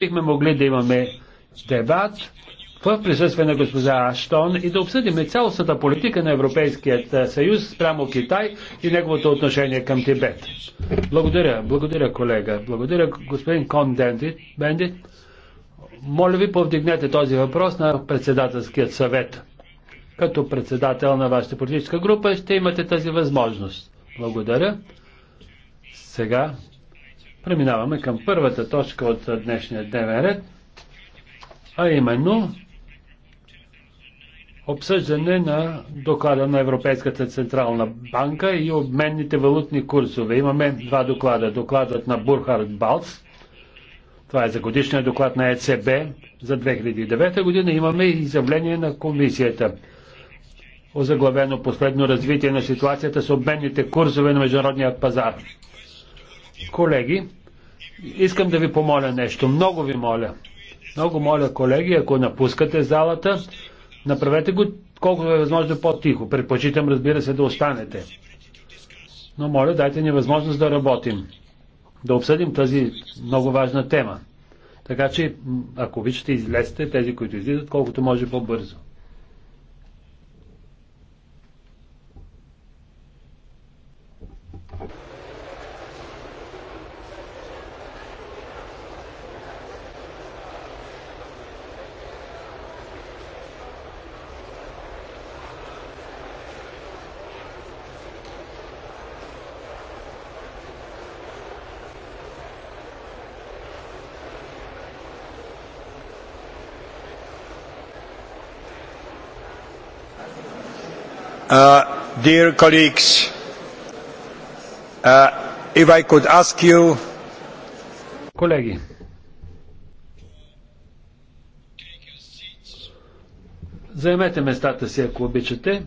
бихме могли да имаме дебат в присъствие на госпожа Аштон и да обсъдим цялостната политика на Европейският е, съюз спрямо Китай и неговото отношение към Тибет. Благодаря, благодаря колега. Благодаря господин Кон Дендит, Бендит. Моля ви повдигнете този въпрос на председателският съвет. Като председател на вашата политическа група ще имате тази възможност. Благодаря. Сега Преминаваме към първата точка от днешния дневен ред, а именно обсъждане на доклада на Европейската централна банка и обменните валутни курсове. Имаме два доклада. Докладът на Бурхард Балц, това е за годишния доклад на ЕЦБ за 2009 година. Имаме и изявление на комисията озаглавено последно развитие на ситуацията с обменните курсове на международния пазар. Колеги, искам да ви помоля нещо. Много ви моля. Много моля, колеги, ако напускате залата, направете го колкото е възможно по-тихо. Предпочитам, разбира се, да останете. Но моля, дайте ни възможност да работим, да обсъдим тази много важна тема. Така че, ако обичате, излезте тези, които излизат, колкото може по-бързо. Uh, dear colleagues, uh, if I could ask you... Колеги, заемете местата си, ако обичате,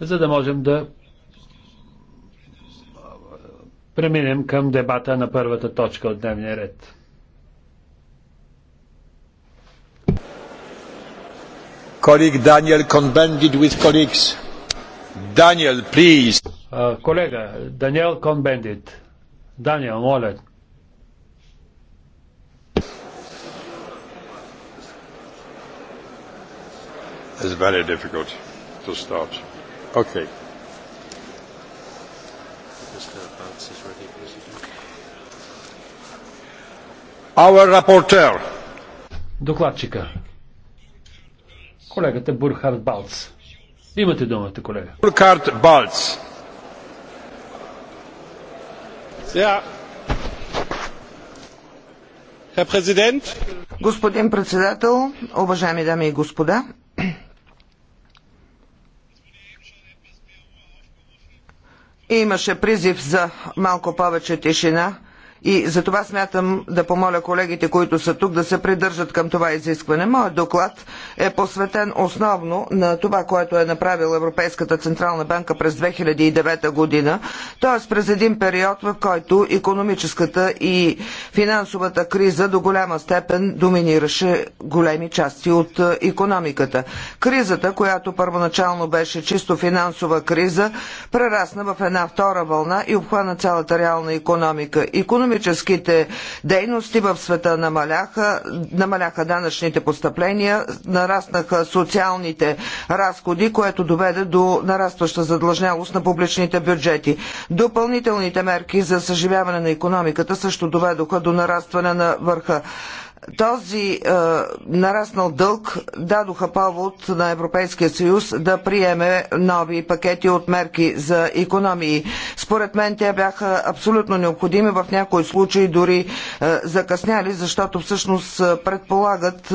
за да можем да преминем към дебата на първата точка от дневния ред. Колег Даниел Конбендит with colleagues. Даниел, please. Uh, колега, Даниел Конбендит. Даниел, моля. It's very difficult to start. Okay. Our rapporteur. Докладчика. Колегата Бурхард Балц. Имате думата, колега. Буркарт Балц. Господин председател, уважаеми дами и господа, имаше призив за малко повече тишина. И за това смятам да помоля колегите, които са тук, да се придържат към това изискване. Моят доклад е посветен основно на това, което е направила Европейската Централна банка през 2009 година, т.е. през един период, в който економическата и финансовата криза до голяма степен доминираше големи части от економиката. Кризата, която първоначално беше чисто финансова криза, прерасна в една втора вълна и обхвана цялата реална економика. Економи економическите дейности в света намаляха, намаляха данъчните постъпления, нараснаха социалните разходи, което доведе до нарастваща задлъжнялост на публичните бюджети. Допълнителните мерки за съживяване на економиката също доведоха до нарастване на върха този е, нараснал дълг дадоха повод на Европейския съюз да приеме нови пакети от мерки за економии. Според мен те бяха абсолютно необходими, в някои случаи дори е, закъсняли, защото всъщност е, предполагат е,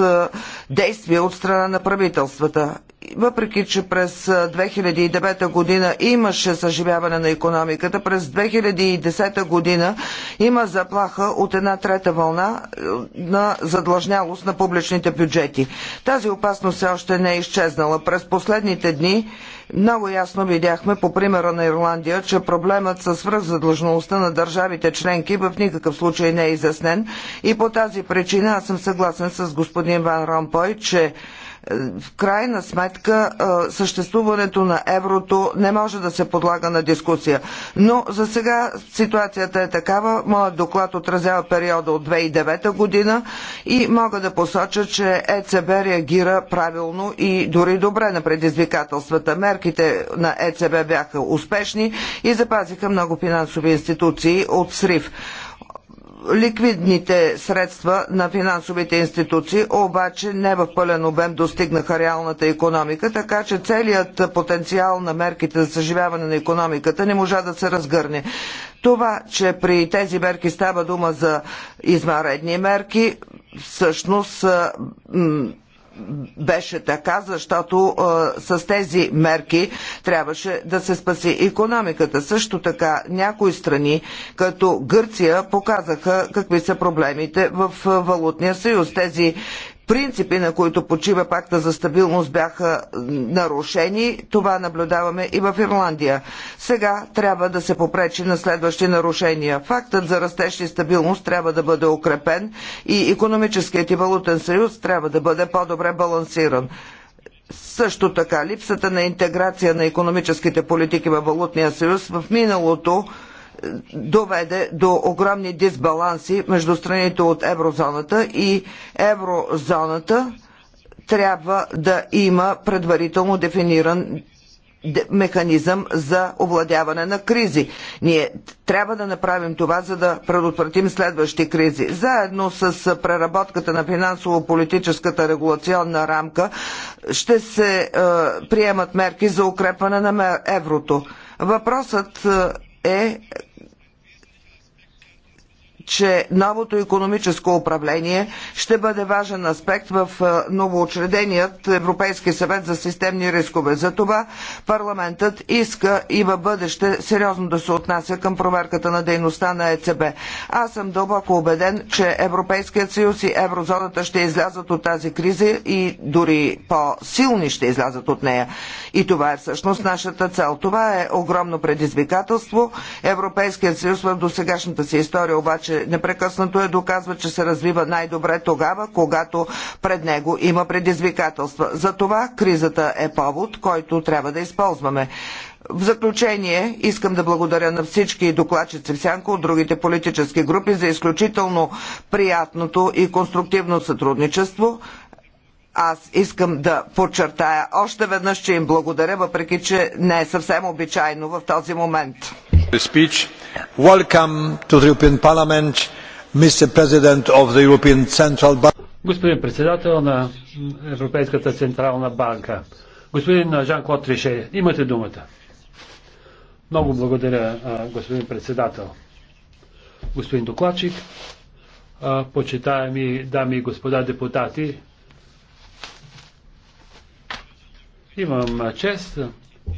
действия от страна на правителствата. Въпреки, че през 2009 е, година имаше съживяване на економиката, през 2010 година има заплаха от една трета вълна е, на задлъжнялост на публичните бюджети. Тази опасност все още не е изчезнала. През последните дни много ясно видяхме по примера на Ирландия, че проблемът с свръхзадлъжността на държавите членки в никакъв случай не е изяснен и по тази причина аз съм съгласен с господин Ван Ромпой, че в крайна сметка е, съществуването на еврото не може да се подлага на дискусия. Но за сега ситуацията е такава. Моят доклад отразява периода от 2009 година и мога да посоча, че ЕЦБ реагира правилно и дори добре на предизвикателствата. Мерките на ЕЦБ бяха успешни и запазиха много финансови институции от срив. Ликвидните средства на финансовите институции обаче не в пълен обем достигнаха реалната економика, така че целият потенциал на мерките за съживяване на економиката не можа да се разгърне. Това, че при тези мерки става дума за измаредни мерки, всъщност беше така, защото а, с тези мерки трябваше да се спаси економиката. Също така някои страни, като Гърция, показаха какви са проблемите в валутния съюз. Тези принципи, на които почива пакта за стабилност, бяха нарушени. Това наблюдаваме и в Ирландия. Сега трябва да се попречи на следващи нарушения. Фактът за растеж и стабилност трябва да бъде укрепен и економическият и валутен съюз трябва да бъде по-добре балансиран. Също така, липсата на интеграция на економическите политики във валутния съюз в миналото доведе до огромни дисбаланси между страните от еврозоната и еврозоната трябва да има предварително дефиниран механизъм за овладяване на кризи. Ние трябва да направим това, за да предотвратим следващи кризи. Заедно с преработката на финансово-политическата регулационна рамка ще се е, приемат мерки за укрепване на еврото. Въпросът е че новото економическо управление ще бъде важен аспект в е, новоочреденият Европейски съвет за системни рискове. За това парламентът иска и във бъдеще сериозно да се отнася към проверката на дейността на ЕЦБ. Аз съм дълбоко убеден, че Европейският съюз и еврозоната ще излязат от тази криза и дори по-силни ще излязат от нея. И това е всъщност нашата цел. Това е огромно предизвикателство. Европейският съюз в досегашната си история обаче непрекъснато е доказва, че се развива най-добре тогава, когато пред него има предизвикателства. Затова кризата е повод, който трябва да използваме. В заключение искам да благодаря на всички докладчици в Сянко от другите политически групи за изключително приятното и конструктивно сътрудничество аз искам да подчертая още веднъж, че им благодаря, въпреки че не е съвсем обичайно в този момент. Господин председател на Европейската централна банка, господин Жан-Клод Трише, имате думата. Много благодаря, господин председател. Господин докладчик, почитаеми дами и господа депутати, Имам чест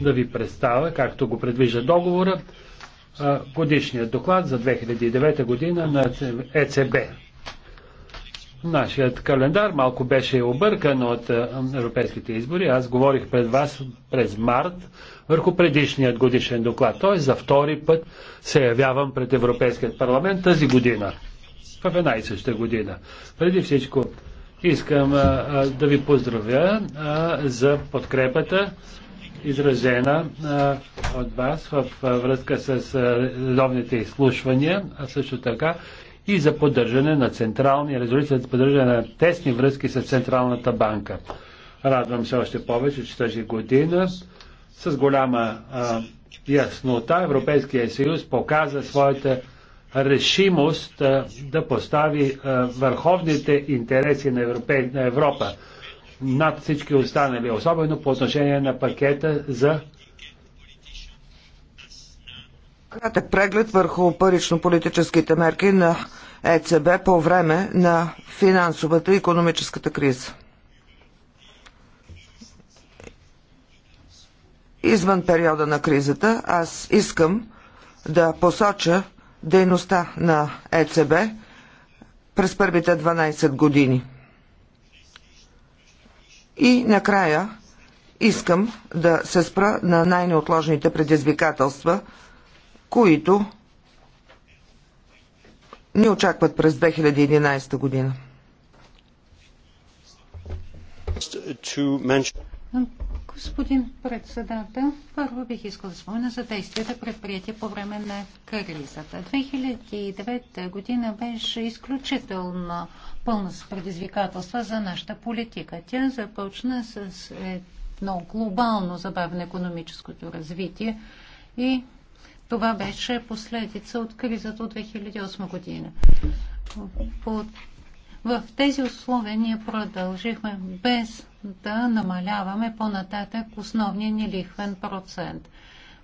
да ви представя, както го предвижда договора, годишният доклад за 2009 година на ЕЦБ. Нашият календар малко беше объркан от европейските избори. Аз говорих пред вас през март върху предишният годишен доклад. Той за втори път се явявам пред Европейският парламент тази година. В една и съща година. Преди всичко Искам а, а, да ви поздравя а, за подкрепата, изразена а, от вас в а, връзка с редовните изслушвания, а също така и за поддържане на централни, резолюция за поддържане на тесни връзки с Централната банка. Радвам се още повече, че тази година с голяма а, яснота Европейския съюз показа своята решимост да постави върховните интереси на, Европе, на Европа над всички останали, особено по отношение на пакета за Кратък преглед върху парично-политическите мерки на ЕЦБ по време на финансовата и економическата криза. Извън периода на кризата аз искам да посоча дейността на ЕЦБ през първите 12 години. И накрая искам да се спра на най-неотложните предизвикателства, които ни очакват през 2011 година. Господин председател, първо бих искал да спомена за действията предприятия по време на кризата. 2009 година беше изключително пълна с предизвикателства за нашата политика. Тя започна с едно глобално забавно економическото развитие и това беше последица от кризата от 2008 година. По в тези условия ние продължихме без да намаляваме по-нататък основния ни лихвен процент.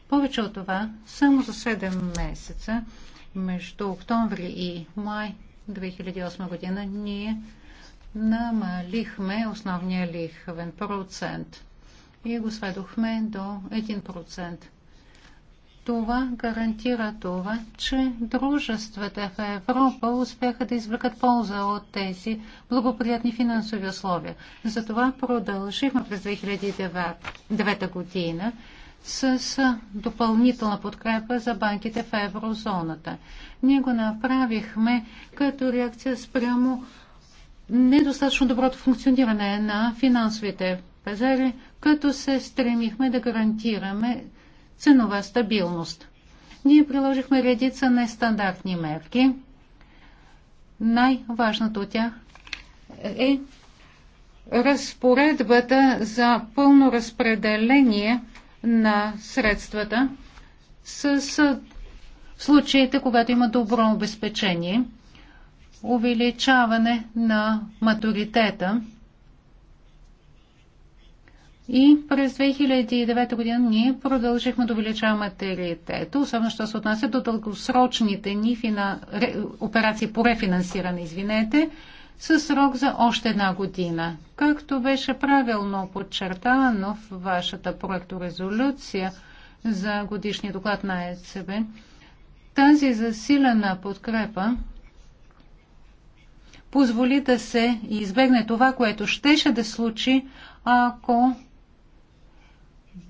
Повече от това, само за 7 месеца, между октомври и май 2008 година, ние намалихме основния лихвен процент и го сведохме до 1%. Това гарантира това, че дружествата в Европа успяха да извлекат полза от тези благоприятни финансови условия. Затова продължихме през 2009 година с допълнителна подкрепа за банките в еврозоната. Ние го направихме като реакция спрямо недостатъчно доброто функциониране на финансовите пазари, като се стремихме да гарантираме ценова стабилност. Ние приложихме редица нестандартни мерки. Най-важното от тях е разпоредбата за пълно разпределение на средствата с случаите, когато има добро обезпечение, увеличаване на матуритета и през 2009 година ние продължихме да увеличаваме теритета, особено що се отнася до дългосрочните ни фина... ре... операции по рефинансиране, извинете, със срок за още една година. Както беше правилно подчертано в вашата проекторезолюция за годишния доклад на ЕЦБ, тази засилена подкрепа позволи да се избегне това, което щеше да случи, ако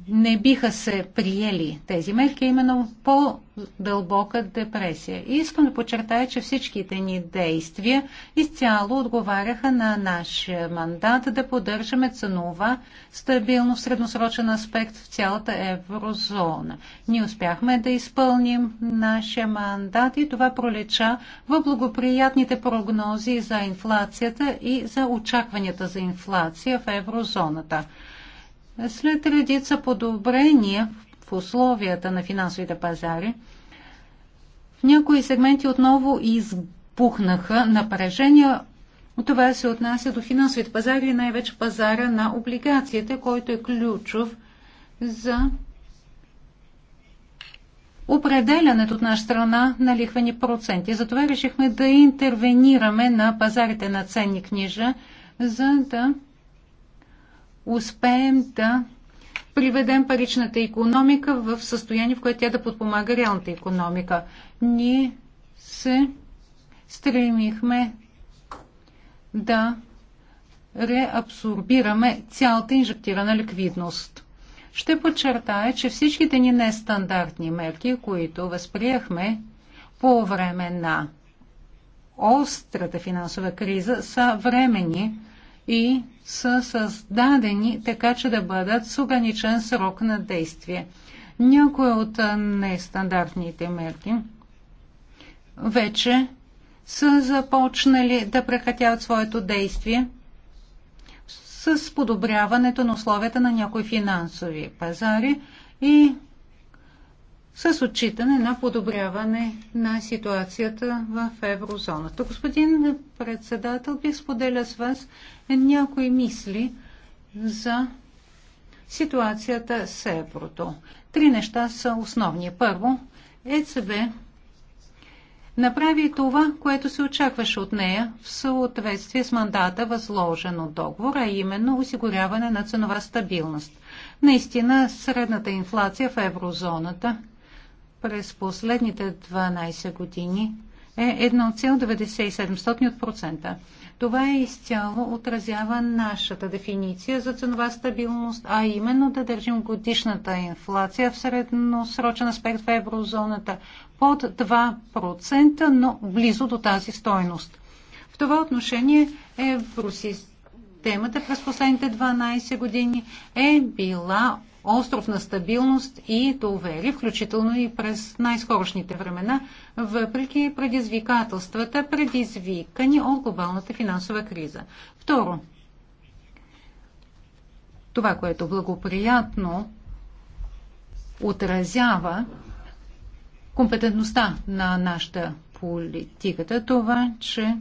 не биха се приели тези мерки, именно по-дълбока депресия. И искам да подчертая, че всичките ни действия изцяло отговаряха на нашия мандат да поддържаме ценова стабилно в средносрочен аспект в цялата еврозона. Ние успяхме да изпълним нашия мандат и това пролеча в благоприятните прогнози за инфлацията и за очакванията за инфлация в еврозоната. След редица подобрения в условията на финансовите пазари, в някои сегменти отново избухнаха напрежения. Това се отнася до финансовите пазари и най-вече пазара на облигациите, който е ключов за определянето от наша страна на лихвени проценти. Затова решихме да интервенираме на пазарите на ценни книжа, за да успеем да приведем паричната економика в състояние, в което тя да подпомага реалната економика. Ние се стремихме да реабсорбираме цялата инжектирана ликвидност. Ще подчертая, че всичките ни нестандартни мерки, които възприехме по време на острата финансова криза, са времени и са създадени така, че да бъдат с ограничен срок на действие. Някои от нестандартните мерки вече са започнали да прекратяват своето действие с подобряването на условията на някои финансови пазари и с отчитане на подобряване на ситуацията в еврозоната. Господин председател, бих споделя с вас някои мисли за ситуацията с еврото. Три неща са основни. Първо, ЕЦБ направи това, което се очакваше от нея в съответствие с мандата, възложен от договора, а именно осигуряване на ценова стабилност. Наистина, средната инфлация в еврозоната през последните 12 години е 1,97%. Това е изцяло отразява нашата дефиниция за ценова стабилност, а именно да държим годишната инфлация в средносрочен аспект в еврозоната под 2%, но близо до тази стойност. В това отношение евросистемата през последните 12 години е била остров на стабилност и довери, включително и през най-скорошните времена, въпреки предизвикателствата, предизвикани от глобалната финансова криза. Второ, това, което благоприятно отразява компетентността на нашата политиката, това, че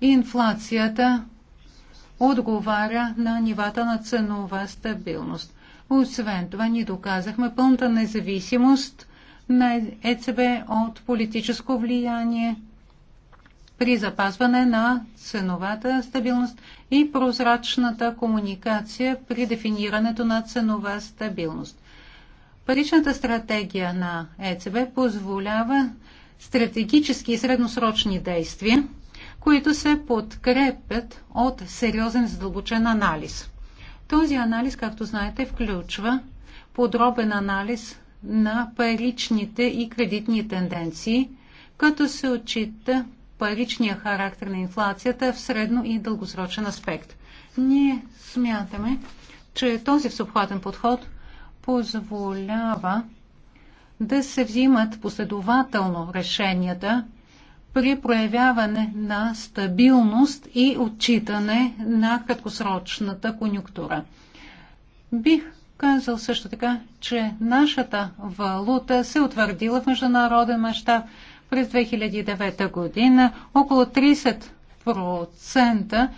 инфлацията отговаря на нивата на ценова стабилност. Освен това, ние доказахме пълната независимост на ЕЦБ от политическо влияние при запазване на ценовата стабилност и прозрачната комуникация при дефинирането на ценова стабилност. Паричната стратегия на ЕЦБ позволява стратегически и средносрочни действия, които се подкрепят от сериозен задълбочен анализ. Този анализ, както знаете, включва подробен анализ на паричните и кредитни тенденции, като се отчита паричния характер на инфлацията в средно и дългосрочен аспект. Ние смятаме, че този всеобхватен подход позволява да се взимат последователно решенията, при проявяване на стабилност и отчитане на краткосрочната конюнктура. Бих казал също така, че нашата валута се утвърдила в международен мащаб през 2009 година около 30%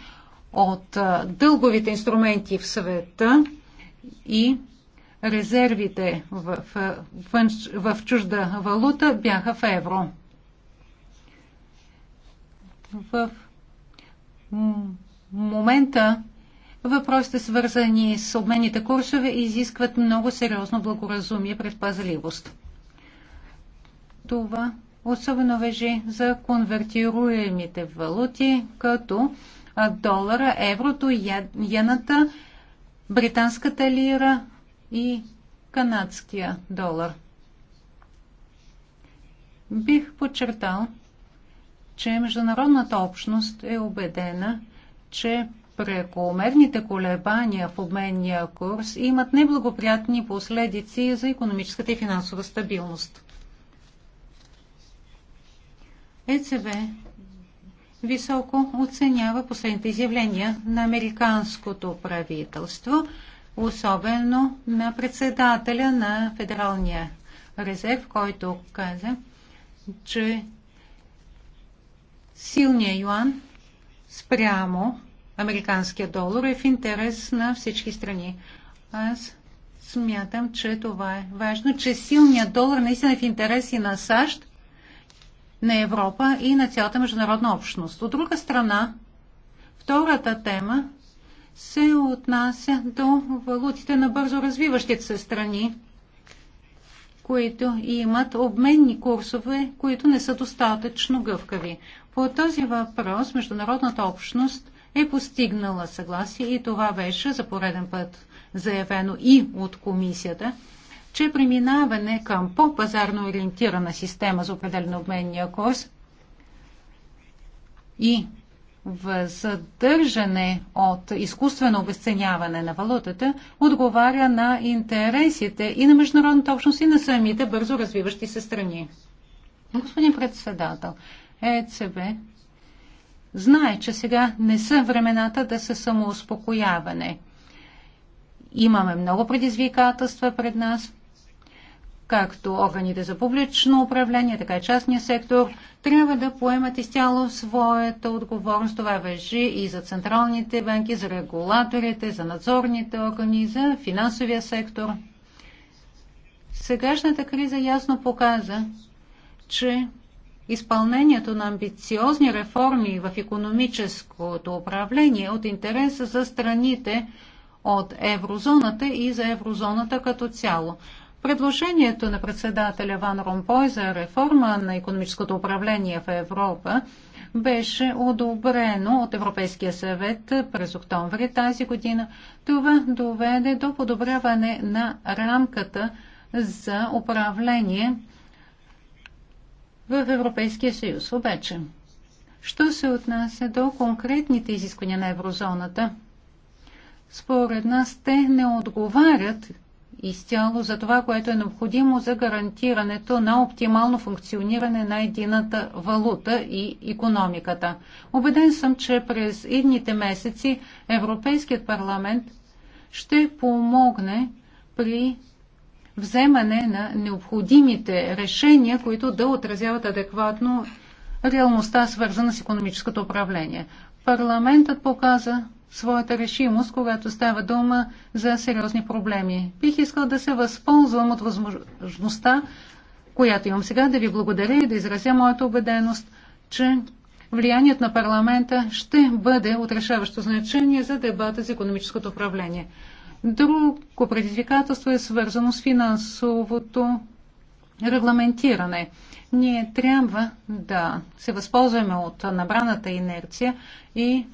от дълговите инструменти в света и резервите в, в, в чужда валута бяха в евро. В момента въпросите, свързани с обменните курсове, изискват много сериозно благоразумие и предпазливост. Това особено вежи за конвертируемите валути, като долара, еврото, яната, британската лира и канадския долар. Бих подчертал, че международната общност е убедена, че прекомерните колебания в обменния курс имат неблагоприятни последици за економическата и финансова стабилност. ЕЦБ високо оценява последните изявления на американското правителство, особено на председателя на Федералния резерв, който каза, че Силният юан спрямо американския долар е в интерес на всички страни. Аз смятам, че това е важно, че силният долар наистина е в интерес и на САЩ, на Европа и на цялата международна общност. От друга страна, втората тема се отнася до валутите на бързо развиващите се страни които имат обменни курсове, които не са достатъчно гъвкави. По този въпрос международната общност е постигнала съгласие и това беше за пореден път заявено и от комисията, че преминаване към по-пазарно ориентирана система за определен обменния курс и въздържане от изкуствено обесценяване на валутата отговаря на интересите и на международната общност и на самите бързо развиващи се страни. Господин председател, ЕЦБ знае, че сега не са времената да се самоуспокояване. Имаме много предизвикателства пред нас както органите за публично управление, така и частния сектор, трябва да поемат изцяло своята отговорност. Това въжи и за централните банки, за регулаторите, за надзорните органи, за финансовия сектор. Сегашната криза ясно показа, че изпълнението на амбициозни реформи в економическото управление е от интерес за страните от еврозоната и за еврозоната като цяло. Предложението на председателя Ван Ромпой за реформа на економическото управление в Европа беше одобрено от Европейския съвет през октомври тази година. Това доведе до подобряване на рамката за управление в Европейския съюз. Обаче, що се отнася до конкретните изисквания на еврозоната, според нас те не отговарят изцяло за това, което е необходимо за гарантирането на оптимално функциониране на едината валута и економиката. Обеден съм, че през идните месеци Европейският парламент ще помогне при вземане на необходимите решения, които да отразяват адекватно реалността, свързана с економическото управление. Парламентът показа своята решимост, когато става дума за сериозни проблеми. Бих искал да се възползвам от възможността, която имам сега, да ви благодаря и да изразя моята убеденост, че влиянието на парламента ще бъде от решаващо значение за дебата за економическото управление. Друго предизвикателство е свързано с финансовото регламентиране. Ние трябва да се възползваме от набраната инерция и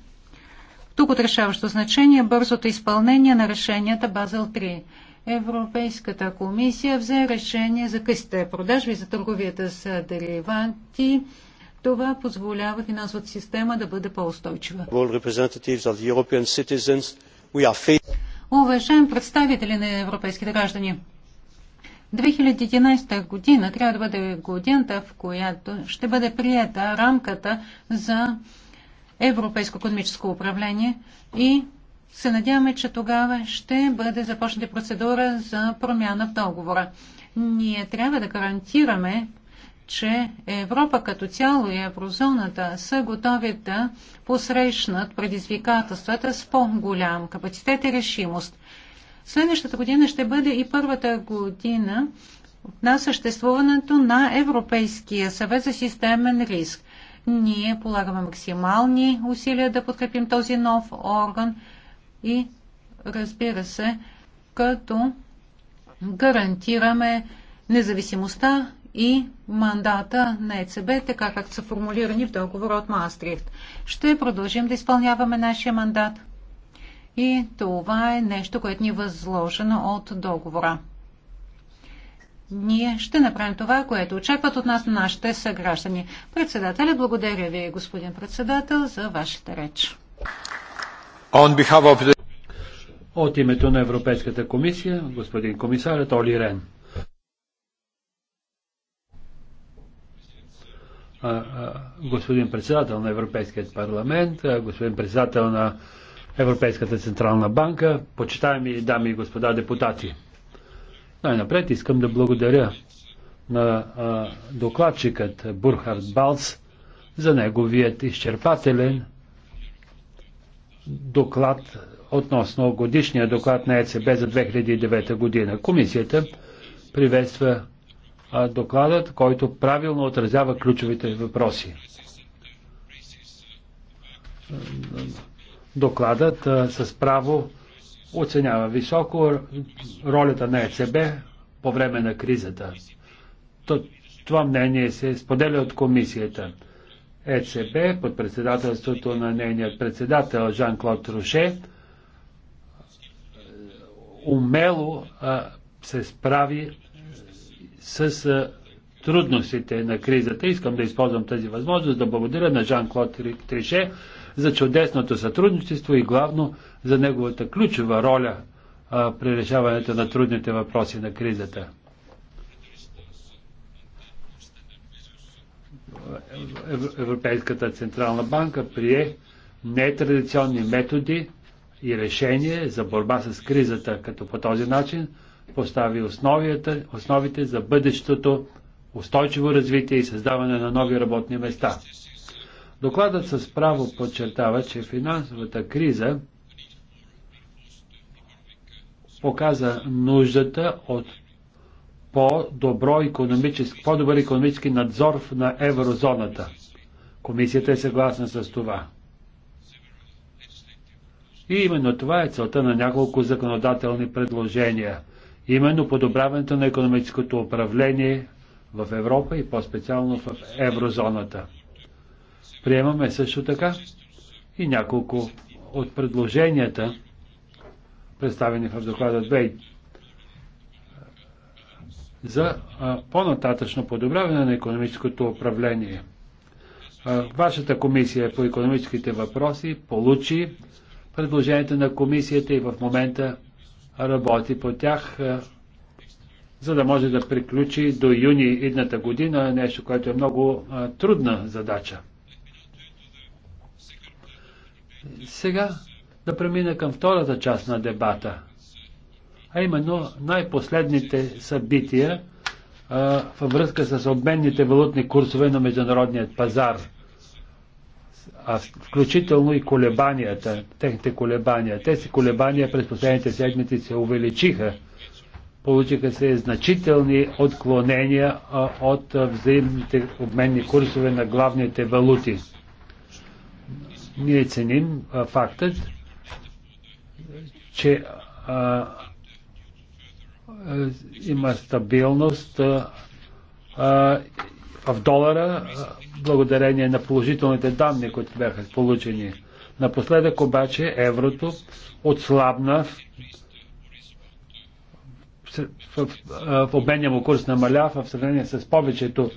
тук от решаващо значение е бързото изпълнение на решенията Базел 3. Европейската комисия взе решение за късите продажби за търговията с деривати. Това позволява финансовата система да бъде по-устойчива. Уважаем представители на европейските граждани, 2011 година трябва да бъде годината, в която ще бъде прията рамката за европейско економическо управление и се надяваме, че тогава ще бъде започната процедура за промяна в договора. Ние трябва да гарантираме, че Европа като цяло и еврозоната са готови да посрещнат предизвикателствата с по-голям капацитет и решимост. Следващата година ще бъде и първата година на съществуването на Европейския съвет за системен риск. Ние полагаме максимални усилия да подкрепим този нов орган и разбира се, като гарантираме независимостта и мандата на ЕЦБ, така както са формулирани в договора от Маастрихт. Ще продължим да изпълняваме нашия мандат. И това е нещо, което ни е възложено от договора ние ще направим това, което очакват от нас нашите съграждани. Председателя, благодаря ви, господин председател, за вашата реч. От името на Европейската комисия, господин комисарът Оли Рен. господин председател на Европейският парламент, господин председател на Европейската централна банка, почитаеми дами и господа депутати. Най-напред искам да благодаря на а, докладчикът Бурхард Балц за неговият изчерпателен доклад относно годишния доклад на ЕЦБ за 2009 година. Комисията приветства а, докладът, който правилно отразява ключовите въпроси. Докладът а, с право оценява високо ролята на ЕЦБ по време на кризата. Това мнение се споделя от комисията. ЕЦБ под председателството на нейният председател Жан-Клод Руше е, умело а, е, се справи с а, е, трудностите на кризата. Искам да използвам тази възможност да благодаря на Жан-Клод Трише за чудесното сътрудничество и главно за неговата ключова роля а, при решаването на трудните въпроси на кризата. Европейската централна банка прие нетрадиционни методи и решения за борба с кризата, като по този начин постави основите, основите за бъдещото устойчиво развитие и създаване на нови работни места. Докладът с право подчертава, че финансовата криза показа нуждата от по-добро економически, по-добър економически надзор на еврозоната. Комисията е съгласна с това. И именно това е целта на няколко законодателни предложения. Именно подобряването на економическото управление в Европа и по-специално в еврозоната. Приемаме също така и няколко от предложенията, представени в доклада 2. За по-нататъчно подобряване на економическото управление. Вашата комисия по економическите въпроси получи предложенията на комисията и в момента работи по тях, за да може да приключи до юни едната година, нещо, което е много трудна задача. Сега да премина към втората част на дебата, а именно най-последните събития а, във връзка с обменните валутни курсове на международният пазар, а включително и колебанията, техните колебания. Тези колебания през последните седмици се увеличиха. Получиха се значителни отклонения а, от взаимните обменни курсове на главните валути. Ние ценим а, фактът, че а, е, има стабилност а, в долара благодарение на положителните данни, които бяха получени. Напоследък обаче еврото отслабна в, в, в обменния му курс намаля в сравнение с повечето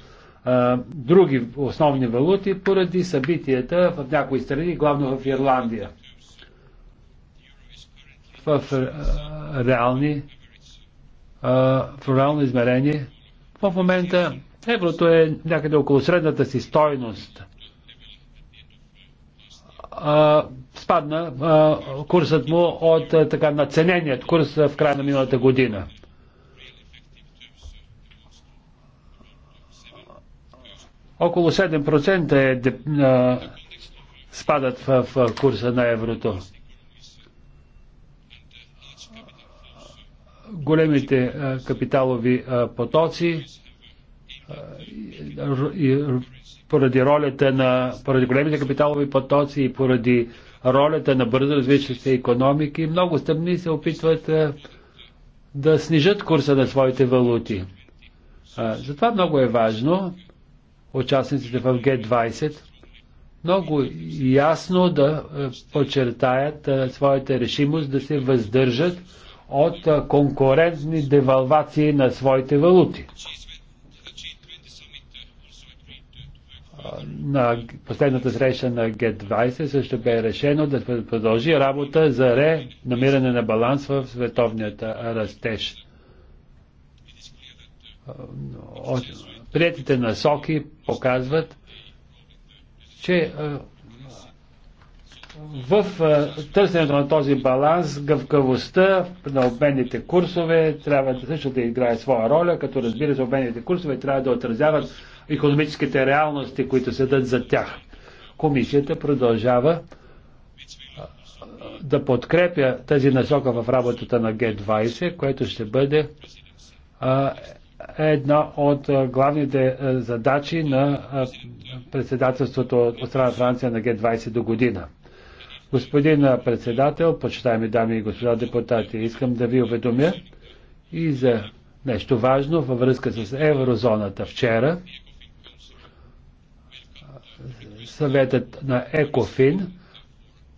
а, други основни валути поради събитията в някои страни, главно в Ирландия в реални в реално измерение. В момента еврото е някъде около средната си стойност. спадна курсът му от така нацененият курс в края на миналата година. Около 7% е, спадат в курса на еврото. големите капиталови потоци и поради ролята на, поради големите капиталови потоци и поради ролята на бързо развиващите економики, много стъмни се опитват да снижат курса на своите валути. Затова много е важно участниците в g 20 много ясно да подчертаят своята решимост да се въздържат от конкурентни девалвации на своите валути. На последната среща на Г-20 също бе решено да продължи работа за ре намиране на баланс в световният растеж. Приятите насоки показват, че в търсенето на този баланс, гъвкавостта на обменните курсове трябва да също да играе своя роля, като разбира се, обменните курсове трябва да отразяват економическите реалности, които дадат за тях. Комисията продължава да подкрепя тази насока в работата на Г20, което ще бъде една от главните задачи на председателството от страна Франция на Г20 до година. Господин председател, почитаеми дами и господа депутати, искам да ви уведомя и за нещо важно във връзка с еврозоната. Вчера съветът на ЕКОФИН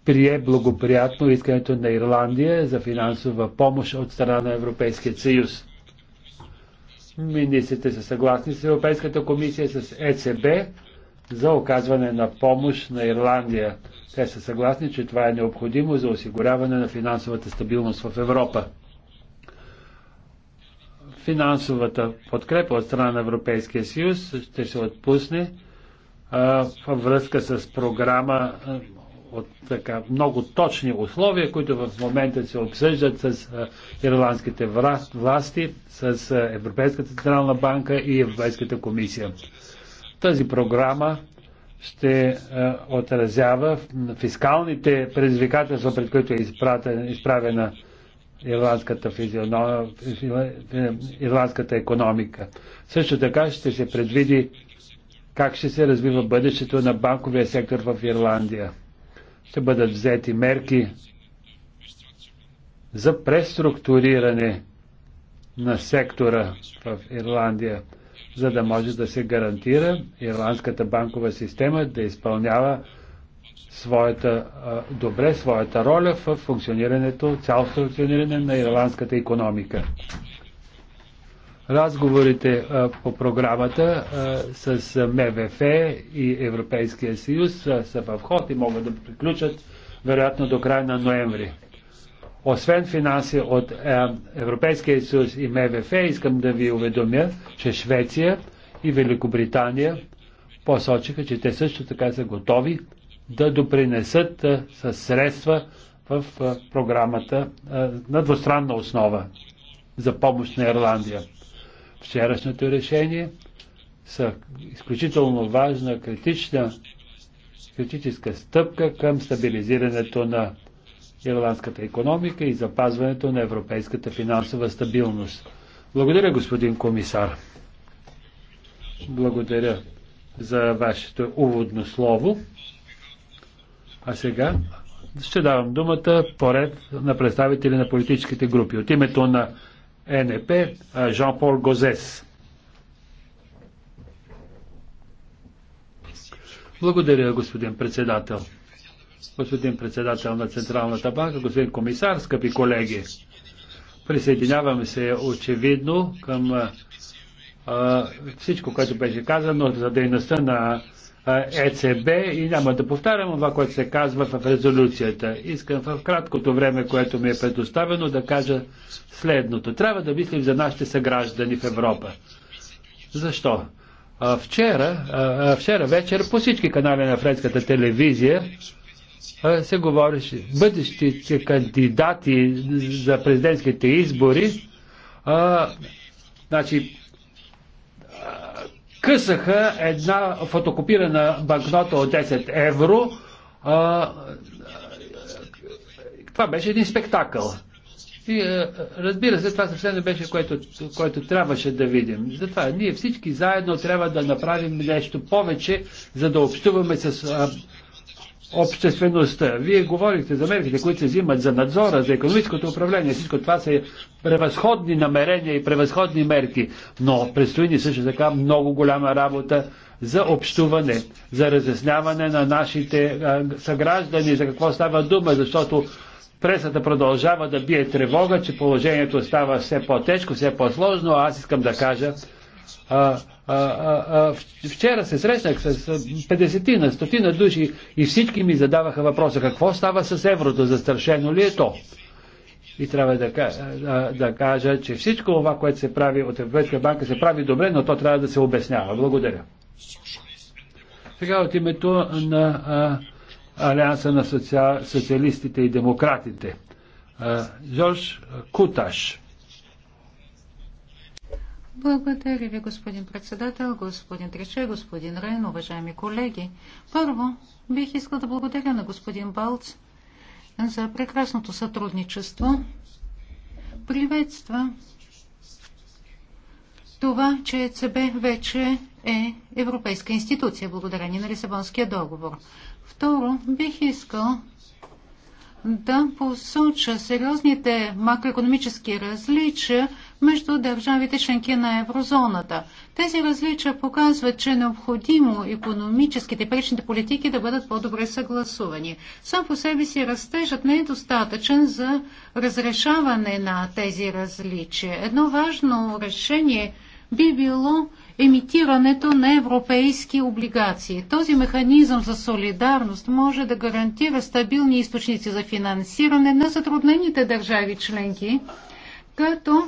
прие благоприятно искането на Ирландия за финансова помощ от страна на Европейския съюз. Министрите са съгласни с Европейската комисия, с ЕЦБ за оказване на помощ на Ирландия те са съгласни, че това е необходимо за осигуряване на финансовата стабилност в Европа. Финансовата подкрепа от страна на Европейския съюз ще се отпусне а, във връзка с програма от така много точни условия, които в момента се обсъждат с а, ирландските власти, с а, Европейската централна банка и Европейската комисия. Тази програма ще отразява фискалните предизвикателства, пред които е изправена ирландската, е, ирландската економика. Също така ще се предвиди как ще се развива бъдещето на банковия сектор в Ирландия. Ще бъдат взети мерки за преструктуриране на сектора в Ирландия за да може да се гарантира ирландската банкова система да изпълнява своята, добре своята роля в функционирането, цялото функциониране на ирландската економика. Разговорите по програмата с МВФ и Европейския съюз са в ход и могат да приключат вероятно до края на ноември освен финанси от е, Европейския съюз и МВФ, искам да ви уведомя, че Швеция и Великобритания посочиха, че те също така са готови да допринесат е, със средства в е, програмата на двустранна основа за помощ на Ирландия. Вчерашното решение са изключително важна критична, критическа стъпка към стабилизирането на ирландската економика и запазването на европейската финансова стабилност. Благодаря, господин комисар. Благодаря за вашето уводно слово. А сега ще давам думата поред на представители на политическите групи. От името на НП Жан-Пол Гозес. Благодаря, господин председател господин председател на Централната банка, господин комисар, скъпи колеги. Присъединявам се очевидно към а, всичко, което беше казано за дейността на ЕЦБ и няма да повтарям това, което се казва в резолюцията. Искам в краткото време, което ми е предоставено, да кажа следното. Трябва да мислим за нашите съграждани в Европа. Защо? Вчера, вчера вечер по всички канали на френската телевизия се говореше бъдещите кандидати за президентските избори, а, значи, а, късаха една фотокопирана банкнота от 10 евро. А, а, това беше един спектакъл. И, а, разбира се, това съвсем не беше което, което трябваше да видим. Затова ние всички заедно трябва да направим нещо повече, за да общуваме с. А, обществеността. Вие говорихте за мерките, които се взимат за надзора, за економическото управление. Всичко това са превъзходни намерения и превъзходни мерки. Но предстои ни също така много голяма работа за общуване, за разясняване на нашите съграждани, за какво става дума, защото пресата продължава да бие тревога, че положението става все по-тежко, все по-сложно, а аз искам да кажа, а, а, а, вчера се срещнах с 50 на стотина души и всички ми задаваха въпроса какво става с еврото, застрашено ли е то? И трябва да, да, да кажа, че всичко това, което се прави от Европейска банка, се прави добре, но то трябва да се обяснява. Благодаря. Сега от името на а, Алианса на социалистите и демократите. А, Жорж Куташ. Благодаря ви, господин председател, господин Трече, господин Рейн, уважаеми колеги. Първо, бих искал да благодаря на господин Балц за прекрасното сътрудничество. Приветства това, че ЦБ вече е европейска институция, благодарение на Лисабонския договор. Второ, бих искал да посоча сериозните макроекономически различия между държавите членки на еврозоната. Тези различия показват, че е необходимо економическите и паричните политики да бъдат по-добре съгласувани. Сам по себе си растежът не е достатъчен за разрешаване на тези различия. Едно важно решение би било емитирането на европейски облигации. Този механизъм за солидарност може да гарантира стабилни източници за финансиране на затруднените държави членки, като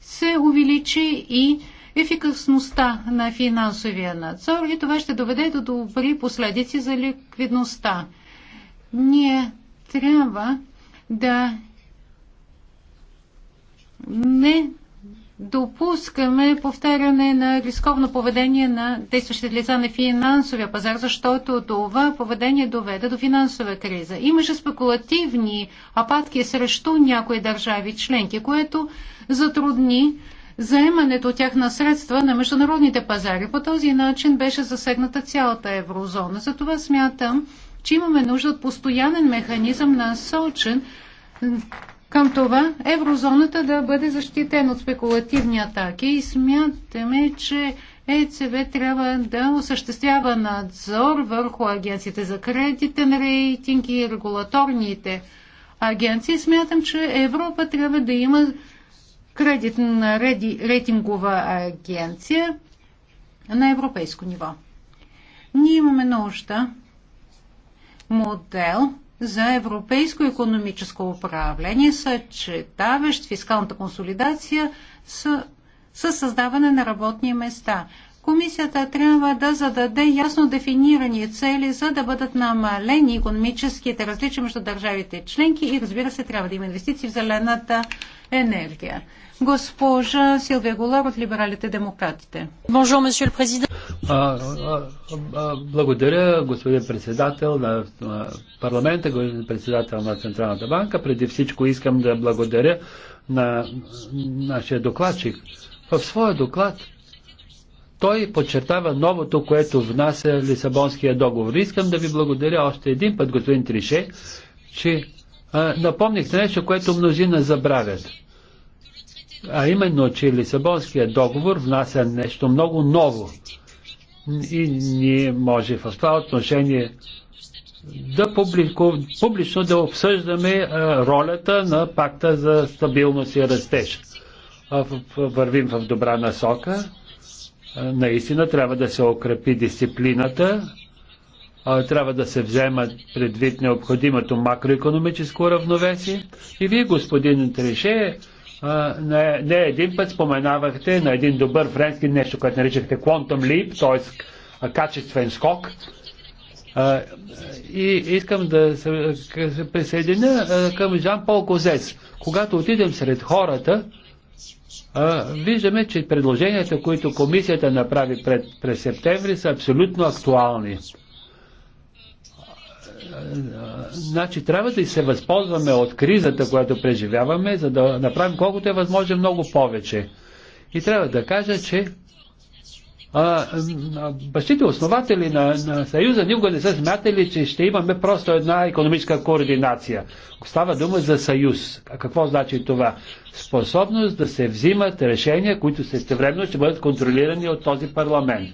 се увеличи и ефикасността на финансовия надзор и това ще доведе до добри последици за ликвидността. Ние трябва да не допускаме повтаряне на рисковно поведение на действащите лица на финансовия пазар, защото това поведение доведе до финансова криза. Имаше спекулативни апатки срещу някои държави членки, което затрудни заемането от тях на средства на международните пазари. По този начин беше засегната цялата еврозона. Затова смятам, че имаме нужда от постоянен механизъм насочен към това еврозоната да бъде защитена от спекулативни атаки и смятаме, че ЕЦВ трябва да осъществява надзор върху агенциите за кредитен рейтинг и регулаторните агенции. Смятам, че Европа трябва да има кредитна рейтингова агенция на европейско ниво. Ние имаме нужда модел, за европейско економическо управление, съчетаващ фискалната консолидация с, с създаване на работни места. Комисията трябва да зададе ясно дефинирани цели, за да бъдат намалени економическите различия между държавите членки и разбира се, трябва да има инвестиции в зелената енергия. Госпожа Силвия Голар от Либералите демократите. Бонжур, месье президент. Благодаря, господин председател на парламента, господин председател на Централната банка. Преди всичко искам да благодаря на нашия докладчик. В своя доклад той подчертава новото, което внася Лисабонския договор. Искам да ви благодаря още един път, господин Трише, че а, напомнихте нещо, което мнозина забравят а именно, че Лисабонския договор внася нещо много ново. И ние може в това отношение да публику, публично да обсъждаме ролята на пакта за стабилност и растеж. вървим в добра насока. наистина трябва да се укрепи дисциплината, трябва да се взема предвид необходимото макроекономическо равновесие. И вие, господин Трише, не, не един път споменавахте на един добър френски нещо, което наричахте Quantum Leap, т.е. качествен скок. А, и искам да се, се присъединя към Жан-Пол Козец. Когато отидем сред хората, а, виждаме, че предложенията, които комисията направи пред, през септември, са абсолютно актуални значи трябва да се възползваме от кризата, която преживяваме, за да направим колкото е възможно много повече. И трябва да кажа, че а, бащите основатели на, на Съюза никога не са смятали, че ще имаме просто една економическа координация. Става дума за съюз. А какво значи това? Способност да се взимат решения, които същевременно ще бъдат контролирани от този парламент.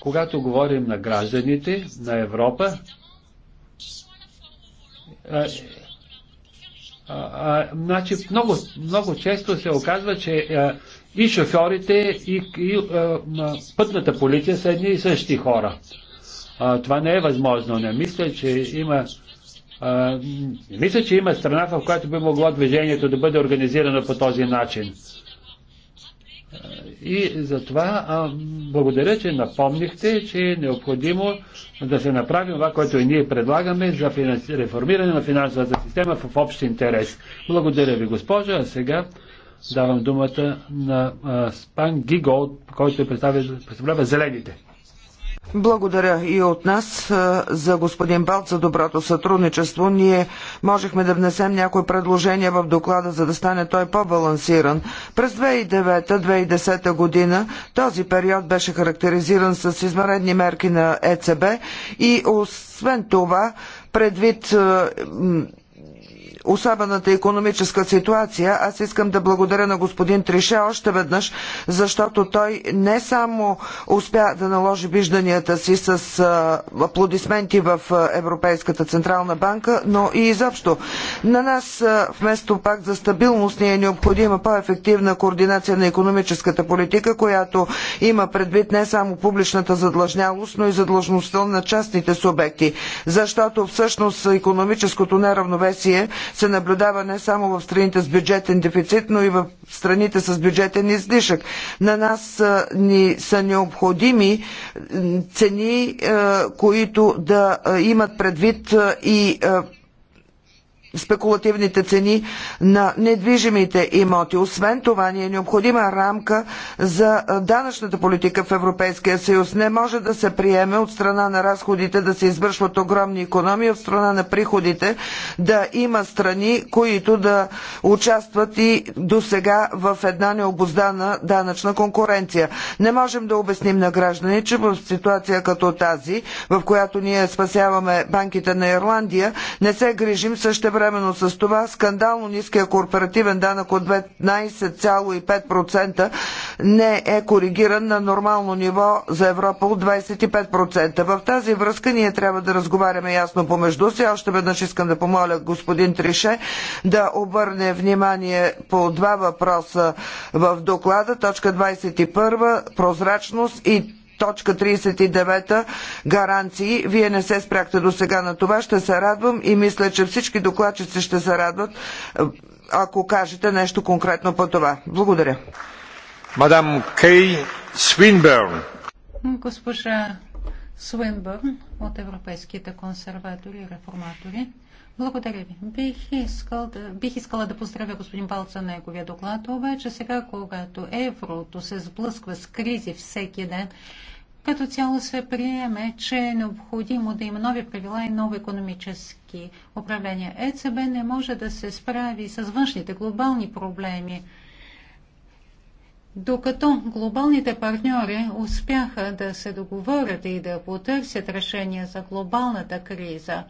Когато говорим на гражданите на Европа, а, а, значи много, много често се оказва, че а, и шофьорите, и, и а, пътната полиция са едни и същи хора. А, това не е възможно. Не мисля, че има. А, мисля, че има страна, в която би могло движението да бъде организирано по този начин. И затова а, благодаря, че напомнихте, че е необходимо да се направи това, което и ние предлагаме за финанс... реформиране на финансовата система в общ интерес. Благодаря ви, госпожа. А сега давам думата на а, Спан Гигол, който представлява, представлява зелените. Благодаря и от нас за господин Балт за доброто сътрудничество. Ние можехме да внесем някои предложения в доклада, за да стане той по-балансиран. През 2009-2010 година този период беше характеризиран с измаредни мерки на ЕЦБ и освен това предвид особената економическа ситуация, аз искам да благодаря на господин Трише още веднъж, защото той не само успя да наложи вижданията си с аплодисменти в Европейската Централна банка, но и изобщо. На нас вместо пак за стабилност ни е необходима по-ефективна координация на економическата политика, която има предвид не само публичната задлъжнялост, но и задлъжността на частните субекти. Защото всъщност економическото неравновесие се наблюдава не само в страните с бюджетен дефицит, но и в страните с бюджетен излишък. На нас ни са необходими цени, които да имат предвид и спекулативните цени на недвижимите имоти. Освен това, ни е необходима рамка за данъчната политика в Европейския съюз. Не може да се приеме от страна на разходите да се извършват огромни економии, от страна на приходите да има страни, които да участват и до сега в една необоздана данъчна конкуренция. Не можем да обясним на граждани, че в ситуация като тази, в която ние спасяваме банките на Ирландия, не се грижим също Едновременно с това скандално ниския корпоративен данък от 15,5% не е коригиран на нормално ниво за Европа от 25%. В тази връзка ние трябва да разговаряме ясно помежду си. Още веднъж искам да помоля господин Трише да обърне внимание по два въпроса в доклада. Точка 21 прозрачност и точка 39 гаранции. Вие не се спряхте до сега на това. Ще се радвам и мисля, че всички докладчици ще се радват, е, ако кажете нещо конкретно по това. Благодаря. Мадам Кей Свинбърн. Госпожа Свинбърн от Европейските консерватори и реформатори. Благодаря ви. Бих, искал да, бих искала да поздравя господин Балца за неговия доклад, обаче сега, когато еврото се сблъсква с кризи всеки ден, като цяло се приеме, че е необходимо да има нови правила и нови економически управления. ЕЦБ не може да се справи с външните глобални проблеми. Докато глобалните партньори успяха да се договорят и да потърсят решение за глобалната криза,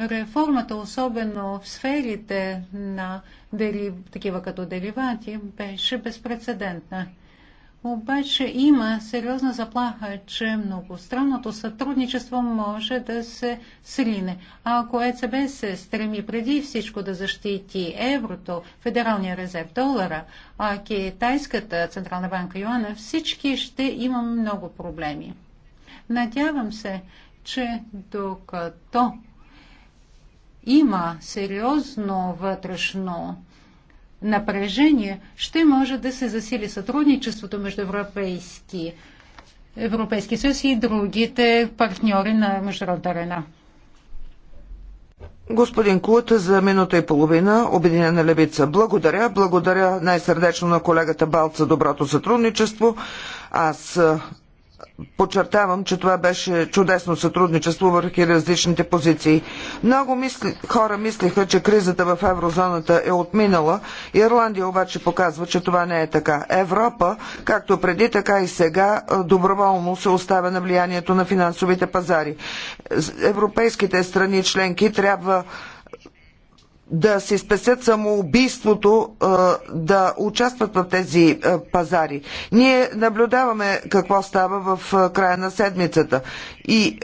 реформата, особено в сферите на такива като деривати, беше безпредседентна. Обаче има сериозна заплаха, че многостранното сътрудничество може да се срине. А ако ЕЦБ се стреми преди всичко да защити еврото, Федералния резерв долара, а Китайската Централна банка Йоана, всички ще има много проблеми. Надявам се, че докато има сериозно вътрешно напрежение, ще може да се засили сътрудничеството между европейски, Европейски съюз и другите партньори на международната арена. Господин Кулата за минута и половина, Обединена левица. Благодаря, благодаря най-сърдечно на колегата Балт за доброто сътрудничество. Аз Подчертавам, че това беше чудесно сътрудничество върху различните позиции. Много мисли, хора мислиха, че кризата в еврозоната е отминала. Ирландия обаче показва, че това не е така. Европа, както преди, така и сега, доброволно се оставя на влиянието на финансовите пазари. Европейските страни членки трябва да си спесят самоубийството да участват в тези пазари. Ние наблюдаваме какво става в края на седмицата. И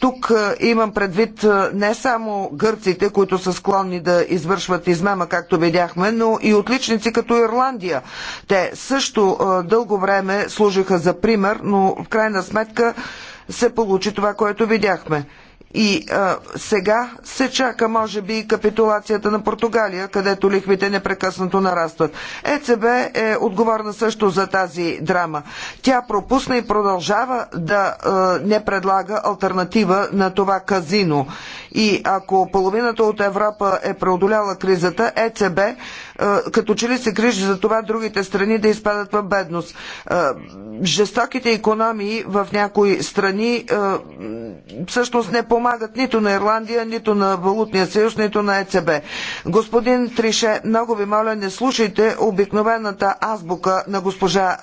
тук имам предвид не само гърците, които са склонни да извършват измама, както видяхме, но и отличници като Ирландия. Те също дълго време служиха за пример, но в крайна сметка се получи това, което видяхме. И а, сега се чака, може би, и капитулацията на Португалия, където лихвите непрекъснато нарастват. ЕЦБ е отговорна също за тази драма. Тя пропусна и продължава да а, не предлага альтернатива на това казино. И ако половината от Европа е преодоляла кризата, ЕЦБ като че ли се грижи за това другите страни да изпадат в бедност. Жестоките економии в някои страни всъщност не помагат помагат нито на Ирландия, нито на Валутния съюз, нито на ЕЦБ. Господин Трише, много ви моля, не слушайте обикновената азбука на госпожа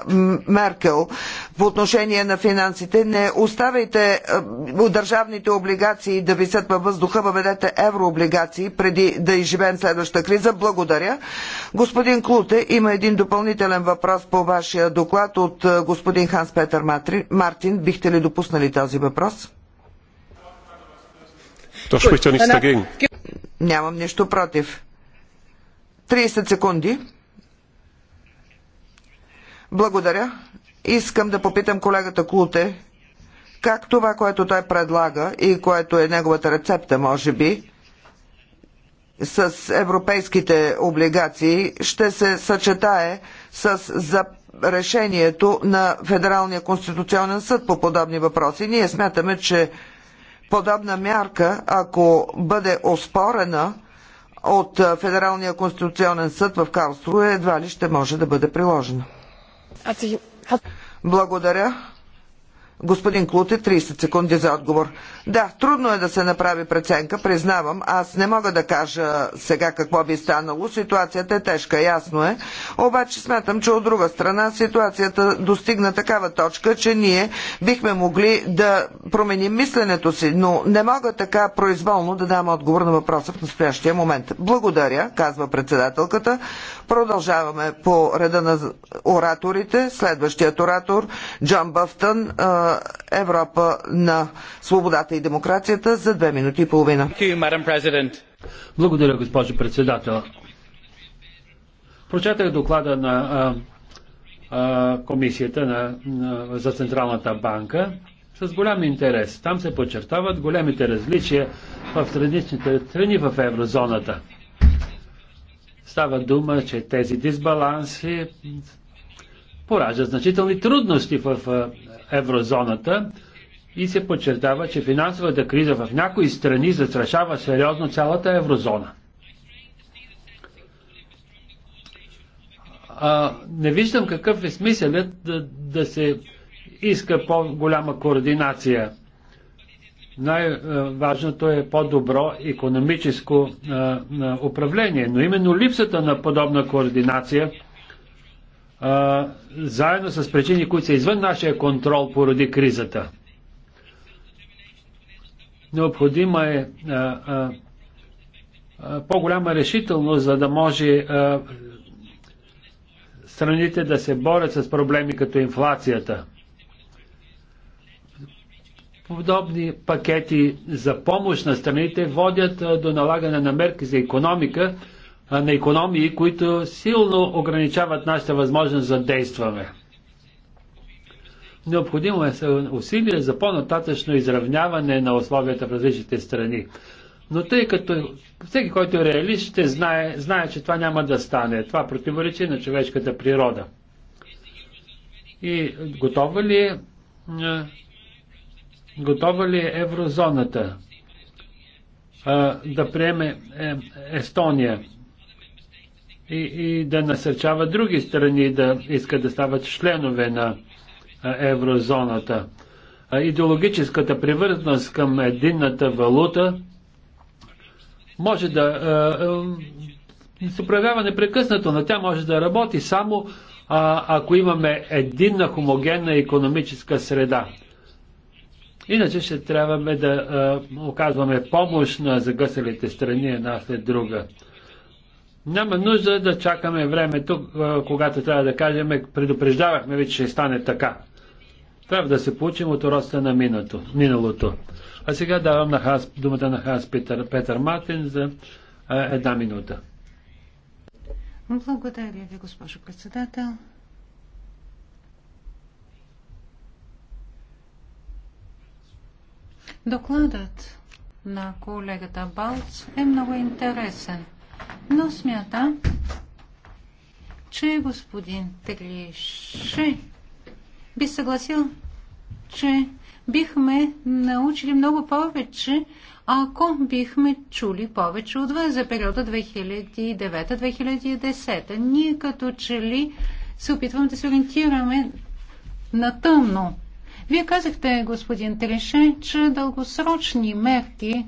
Меркел по отношение на финансите. Не оставяйте е, държавните облигации да висят във въздуха, въведете еврооблигации преди да изживеем следващата криза. Благодаря. Господин Клуте, има един допълнителен въпрос по вашия доклад от е, господин Ханс Петър Мартин. Бихте ли допуснали този въпрос? spricht ja nichts dagegen. Нямам нищо против. 30 секунди. Благодаря. Искам да попитам колегата Клуте, как това, което той предлага и което е неговата рецепта, може би, с европейските облигации, ще се съчетае с за решението на Федералния конституционен съд по подобни въпроси. Ние смятаме, че подобна мярка, ако бъде оспорена от Федералния конституционен съд в Карлсруе, едва ли ще може да бъде приложена. Благодаря. Господин Клуте, 30 секунди за отговор. Да, трудно е да се направи преценка, признавам. Аз не мога да кажа сега какво би станало. Ситуацията е тежка, ясно е. Обаче смятам, че от друга страна ситуацията достигна такава точка, че ние бихме могли да променим мисленето си, но не мога така произволно да дам отговор на въпроса в настоящия момент. Благодаря, казва председателката. Продължаваме по реда на ораторите. Следващият оратор Джон Бъфтън, Европа на свободата и демокрацията за две минути и половина. Благодаря, госпожо председател. Прочетах доклада на а, комисията на, на, за Централната банка с голям интерес. Там се подчертават големите различия в страничните страни в еврозоната. Става дума, че тези дисбаланси пораждат значителни трудности в е, еврозоната и се подчертава, че финансовата криза в някои страни застрашава сериозно цялата еврозона. А, не виждам какъв е смисълът да, да се иска по-голяма координация най-важното е по-добро економическо управление. Но именно липсата на подобна координация, заедно с причини, които са извън нашия контрол, поради кризата. Необходима е по-голяма решителност, за да може страните да се борят с проблеми като инфлацията. Подобни пакети за помощ на страните водят до налагане на мерки за економика, на економии, които силно ограничават нашата възможност за действаме. Необходимо е усилие за по-нататъчно изравняване на условията в различните страни. Но тъй като всеки, който е реалист, ще знае, знае, че това няма да стане. Това противоречи на човешката природа. И готова ли е готова ли е еврозоната а, да приеме е, Естония и, и да насърчава други страни да искат да стават членове на а, еврозоната. А, идеологическата привързаност към единната валута може да а, а, се проявява непрекъснато, но тя може да работи само а, ако имаме единна хомогенна економическа среда. Иначе ще трябваме да а, оказваме помощ на загъсалите страни една след друга. Няма нужда да чакаме времето, когато трябва да кажем, предупреждавахме ви, че ще стане така. Трябва да се получим от уроста на минуто, миналото. А сега давам на Хас, думата на Хас Петър, Петър Мартин за а, една минута. Благодаря ви, госпожо председател. Докладът на колегата Балц е много интересен, но смята, че господин Трише би съгласил, че бихме научили много повече, ако бихме чули повече от вас за периода 2009-2010. Ние като че ли се опитваме да се ориентираме на тъмно вие казахте, господин Трише, че дългосрочни мерки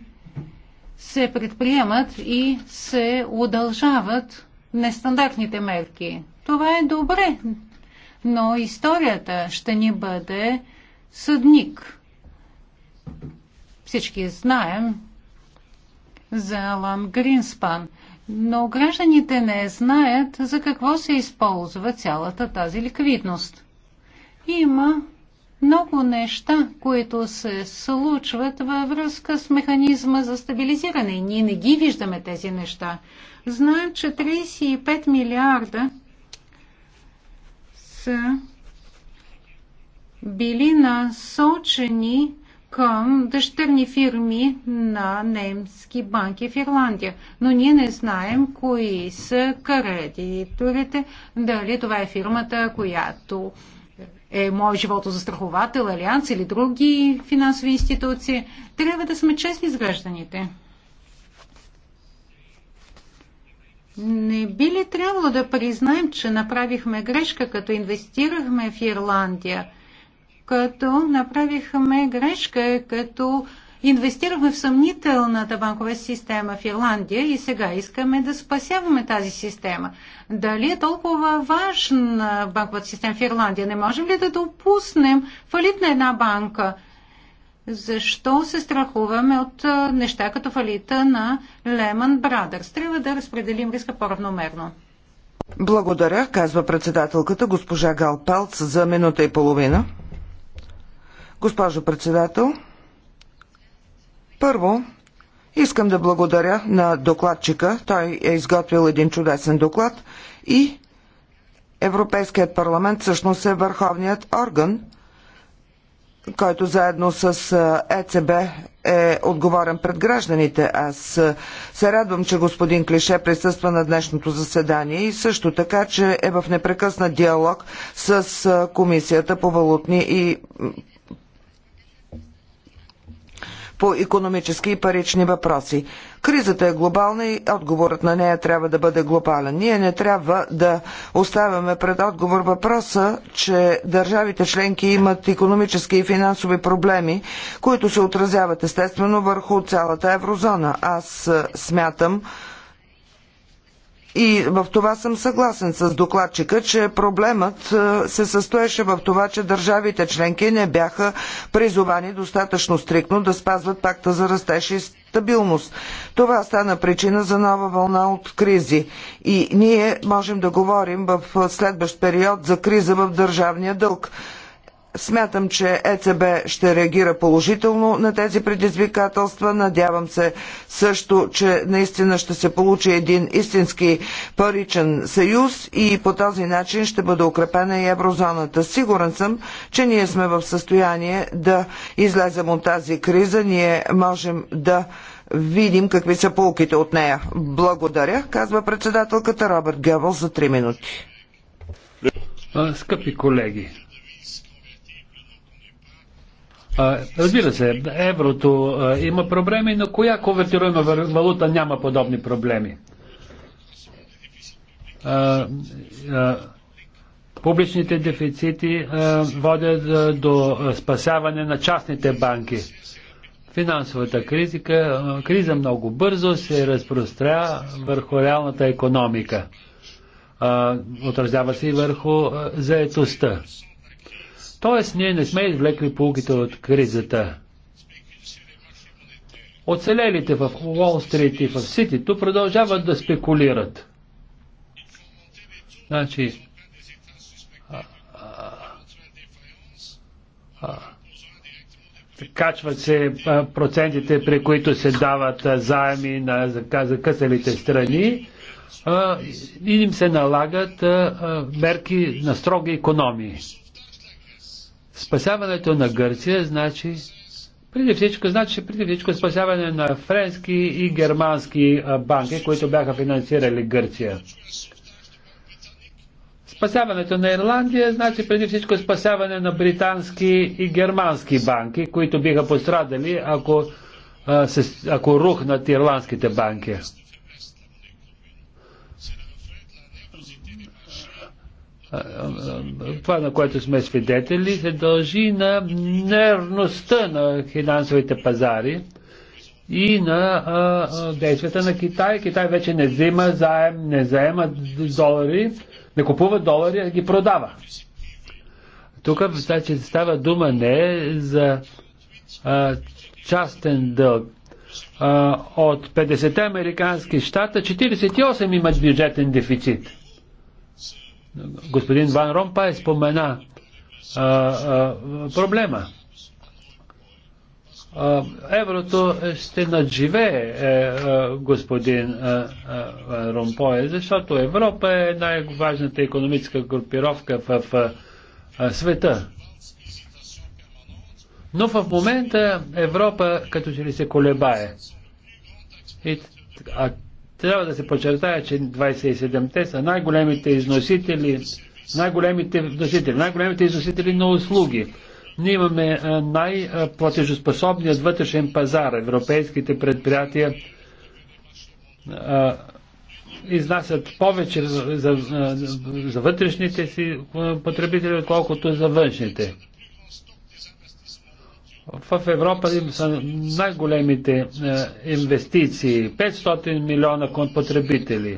се предприемат и се удължават нестандартните мерки. Това е добре, но историята ще ни бъде съдник. Всички знаем за Алан Гринспан, но гражданите не знаят за какво се използва цялата тази ликвидност. Има много неща, които се случват във връзка с механизма за стабилизиране. Ние не ги виждаме тези неща. Знаем, че 35 милиарда са били насочени към дъщерни фирми на немски банки в Ирландия. Но ние не знаем кои са кредиторите, дали това е фирмата, която е моят животозастраховател, Алианс или други финансови институции. Трябва да сме честни с гражданите. Не би ли трябвало да признаем, че направихме грешка, като инвестирахме в Ирландия, като направихме грешка, като инвестирахме в съмнителната банкова система в Ирландия и сега искаме да спасяваме тази система. Дали е толкова важна банковата система в Ирландия? Не можем ли да допуснем фалит на една банка? Защо се страхуваме от неща като фалита на Lehman Brothers? Трябва да разпределим риска по-равномерно. Благодаря, казва председателката госпожа Галпалц за минута и половина. Госпожо председател, първо, искам да благодаря на докладчика. Той е изготвил един чудесен доклад и Европейският парламент всъщност е върховният орган, който заедно с ЕЦБ е отговорен пред гражданите. Аз се радвам, че господин Клише присъства на днешното заседание и също така, че е в непрекъснат диалог с Комисията по валутни и по економически и парични въпроси. Кризата е глобална и отговорът на нея трябва да бъде глобален. Ние не трябва да оставяме пред отговор въпроса, че държавите членки имат економически и финансови проблеми, които се отразяват естествено върху цялата еврозона. Аз смятам, и в това съм съгласен с докладчика, че проблемът е, се състоеше в това, че държавите членки не бяха призовани достатъчно стриктно да спазват пакта за растеж и стабилност. Това стана причина за нова вълна от кризи. И ние можем да говорим в следващ период за криза в държавния дълг. Смятам, че ЕЦБ ще реагира положително на тези предизвикателства. Надявам се също, че наистина ще се получи един истински паричен съюз и по този начин ще бъде укрепена и еврозоната. Сигурен съм, че ние сме в състояние да излезем от тази криза. Ние можем да видим какви са полките от нея. Благодаря, казва председателката Робърт Гъбъл за 3 минути. Скъпи колеги, Разбира се, еврото има проблеми, но коя конвертируема валута няма подобни проблеми? Публичните дефицити водят до спасяване на частните банки. Финансовата криза, криза много бързо се разпростря върху реалната економика. Отразява се и върху заетостта. Тоест, ние не сме извлекли полуките от кризата. Оцелелите в Уолл Стрит и в Ситито продължават да спекулират. Значи, а, а, а, качват се процентите, при които се дават заеми на закъсалите страни и им се налагат мерки на строги економии. Спасяването на Гърция значи преди всичко, значи преди всичко спасяване на френски и германски банки, които бяха финансирали Гърция. Спасяването на Ирландия значи преди всичко спасяване на британски и германски банки, които биха пострадали, ако, ако рухнат ирландските банки. това, на което сме свидетели, се дължи на нервността на финансовите пазари и на а, а, действията на Китай. Китай вече не взима заем, не заема долари, не купува долари, а ги продава. Тук значи, става дума не за а, частен дълг. А, от 50 американски щата 48 имат бюджетен дефицит господин Ван Ромпай спомена а, а, проблема. А, еврото ще надживее е, е господин Ван Ромпой, защото Европа е най-важната економическа групировка в, в света. Но в момента Европа като че ли се колебае. И, а трябва да се подчертая, че 27-те са най-големите износители, най-големите вносители, най-големите износители на услуги. Ние имаме най-платежоспособният вътрешен пазар. Европейските предприятия а, изнасят повече за, за, за вътрешните си потребители, отколкото за външните. В Европа им са най-големите е, инвестиции 500 милиона потребители.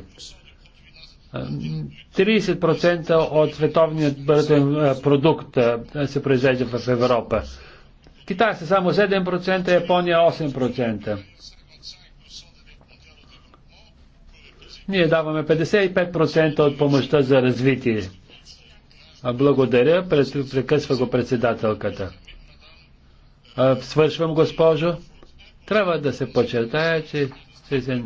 30% е, от световният бързен е, продукт се произвежда в Европа. Китай са само 7%, Япония 8%. Ние даваме 55% от помощта за развитие. Благодаря, прекъсва го председателката. Свършвам, госпожо. Трябва да се почертая, че ще се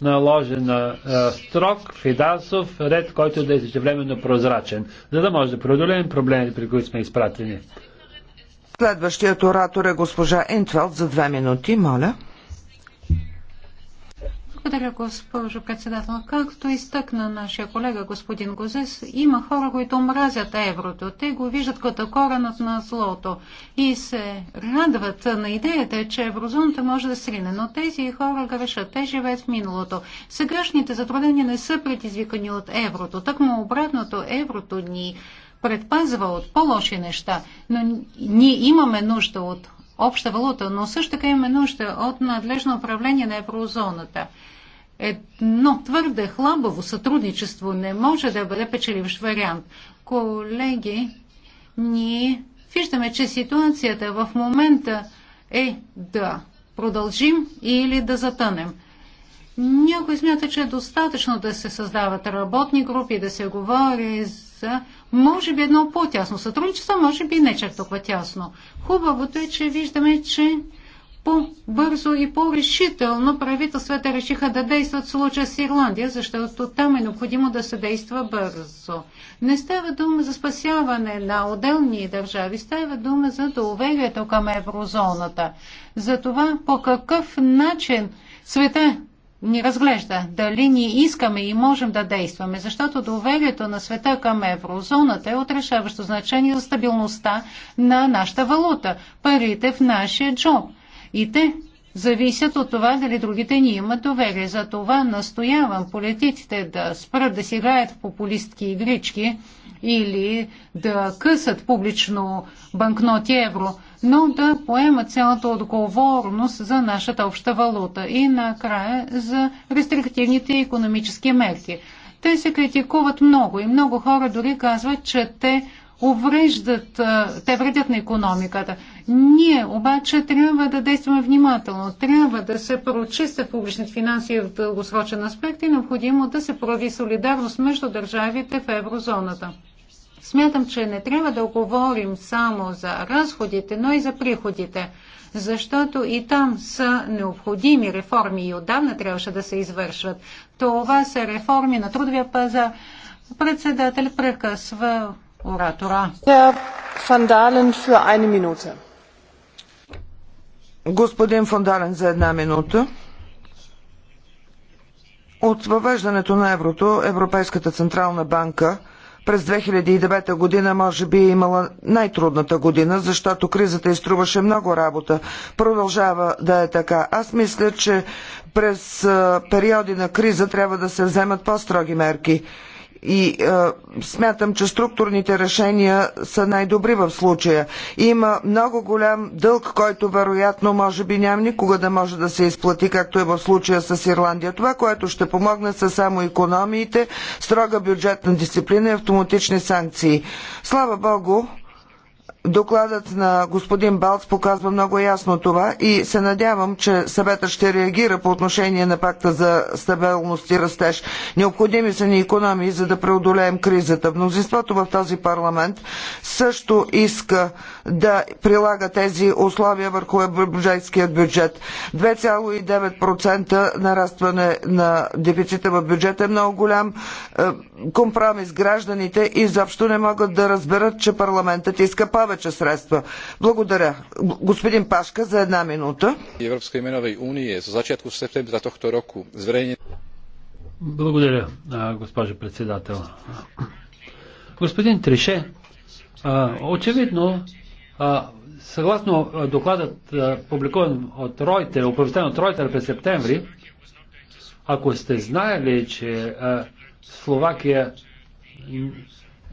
наложи на строг финансов ред, който да е същевременно прозрачен, за да може да преодолеем проблемите, при които сме изпратени. Следващият оратор е госпожа Ентвелд за две минути, моля. Благодаря, госпожо председател. Както изтъкна нашия колега господин Гозес, има хора, които мразят еврото. Те го виждат като коренът на злото и се радват на идеята, че еврозоната може да срине. Но тези хора грешат. Те живеят в миналото. Сегашните затруднения не са предизвикани от еврото. Так му обратното, еврото ни предпазва от по-лоши неща. Но ние имаме нужда от обща валута, но също така имаме нужда от надлежно управление на еврозоната едно твърде хлабаво сътрудничество не може да бъде печеливш вариант. Колеги, ние виждаме, че ситуацията в момента е да продължим или да затънем. Някой смята, че е достатъчно да се създават работни групи, да се говори за може би едно по-тясно сътрудничество, може би не чак толкова тясно. Хубавото е, че виждаме, че по-бързо и по-решително правителствата решиха да действат в случая с Ирландия, защото там е необходимо да се действа бързо. Не става дума за спасяване на отделни държави, става дума за доверието към еврозоната. За това по какъв начин света ни разглежда, дали ни искаме и можем да действаме, защото доверието на света към еврозоната е отрешаващо значение за стабилността на нашата валута, парите в нашия джоб. И те зависят от това дали другите ни имат доверие. За това настоявам политиците да спрат да си играят в популистки игрички или да късат публично банкноти евро, но да поемат цялата отговорност за нашата обща валута и накрая за рестриктивните економически мерки. Те се критикуват много и много хора дори казват, че те увреждат, те вредят на економиката. Ние обаче трябва да действаме внимателно. Трябва да се прочистят публичните финанси в дългосрочен аспект и необходимо да се прояви солидарност между държавите в еврозоната. Смятам, че не трябва да говорим само за разходите, но и за приходите, защото и там са необходими реформи и отдавна трябваше да се извършват. Това са реформи на трудовия пазар. Председател прекъсва оратора. фон Дален, Господин за една минута. От въвеждането на еврото Европейската централна банка през 2009 година може би е имала най-трудната година, защото кризата изтруваше много работа. Продължава да е така. Аз мисля, че през периоди на криза трябва да се вземат по-строги мерки. И е, смятам, че структурните решения са най-добри в случая. Има много голям дълг, който вероятно може би няма никога да може да се изплати, както е в случая с Ирландия. Това, което ще помогне са само економиите, строга бюджетна дисциплина и автоматични санкции. Слава Богу, Докладът на господин Балц показва много ясно това и се надявам, че съветът ще реагира по отношение на пакта за стабилност и растеж. Необходими са ни економии, за да преодолеем кризата. Мнозинството в този парламент също иска да прилага тези условия върху бюджетският бюджет. 2,9% нарастване на дефицита в бюджета е много голям е, компромис. Гражданите изобщо не могат да разберат, че парламентът иска повече повече средства. Благодаря. Господин Пашка, за една минута. Европейска именовей уния за зачатку септември тохто року зверейне... Благодаря, госпожо председател. Господин Трише, очевидно, съгласно докладът, публикуван от Ройтер, оповестен от Ройтер през септември, ако сте знаели, че Словакия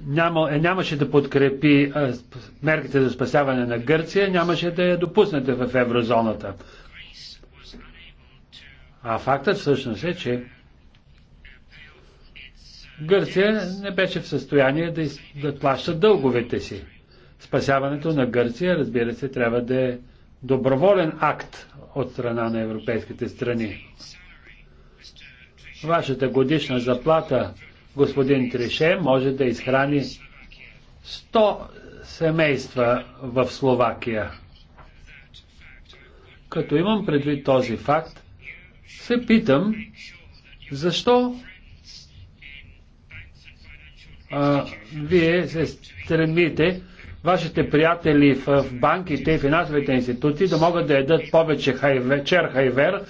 няма, е, нямаше да подкрепи а, е, мерките за спасяване на Гърция, нямаше да я допуснете в еврозоната. А фактът всъщност е, че Гърция не беше в състояние да, из, да плаща дълговете си. Спасяването на Гърция, разбира се, трябва да е доброволен акт от страна на европейските страни. Вашата годишна заплата господин Трише може да изхрани 100 семейства в Словакия. Като имам предвид този факт, се питам защо а, вие се стремите вашите приятели в банките и финансовите институции да могат да ядат повече хайвер, чер хайвер,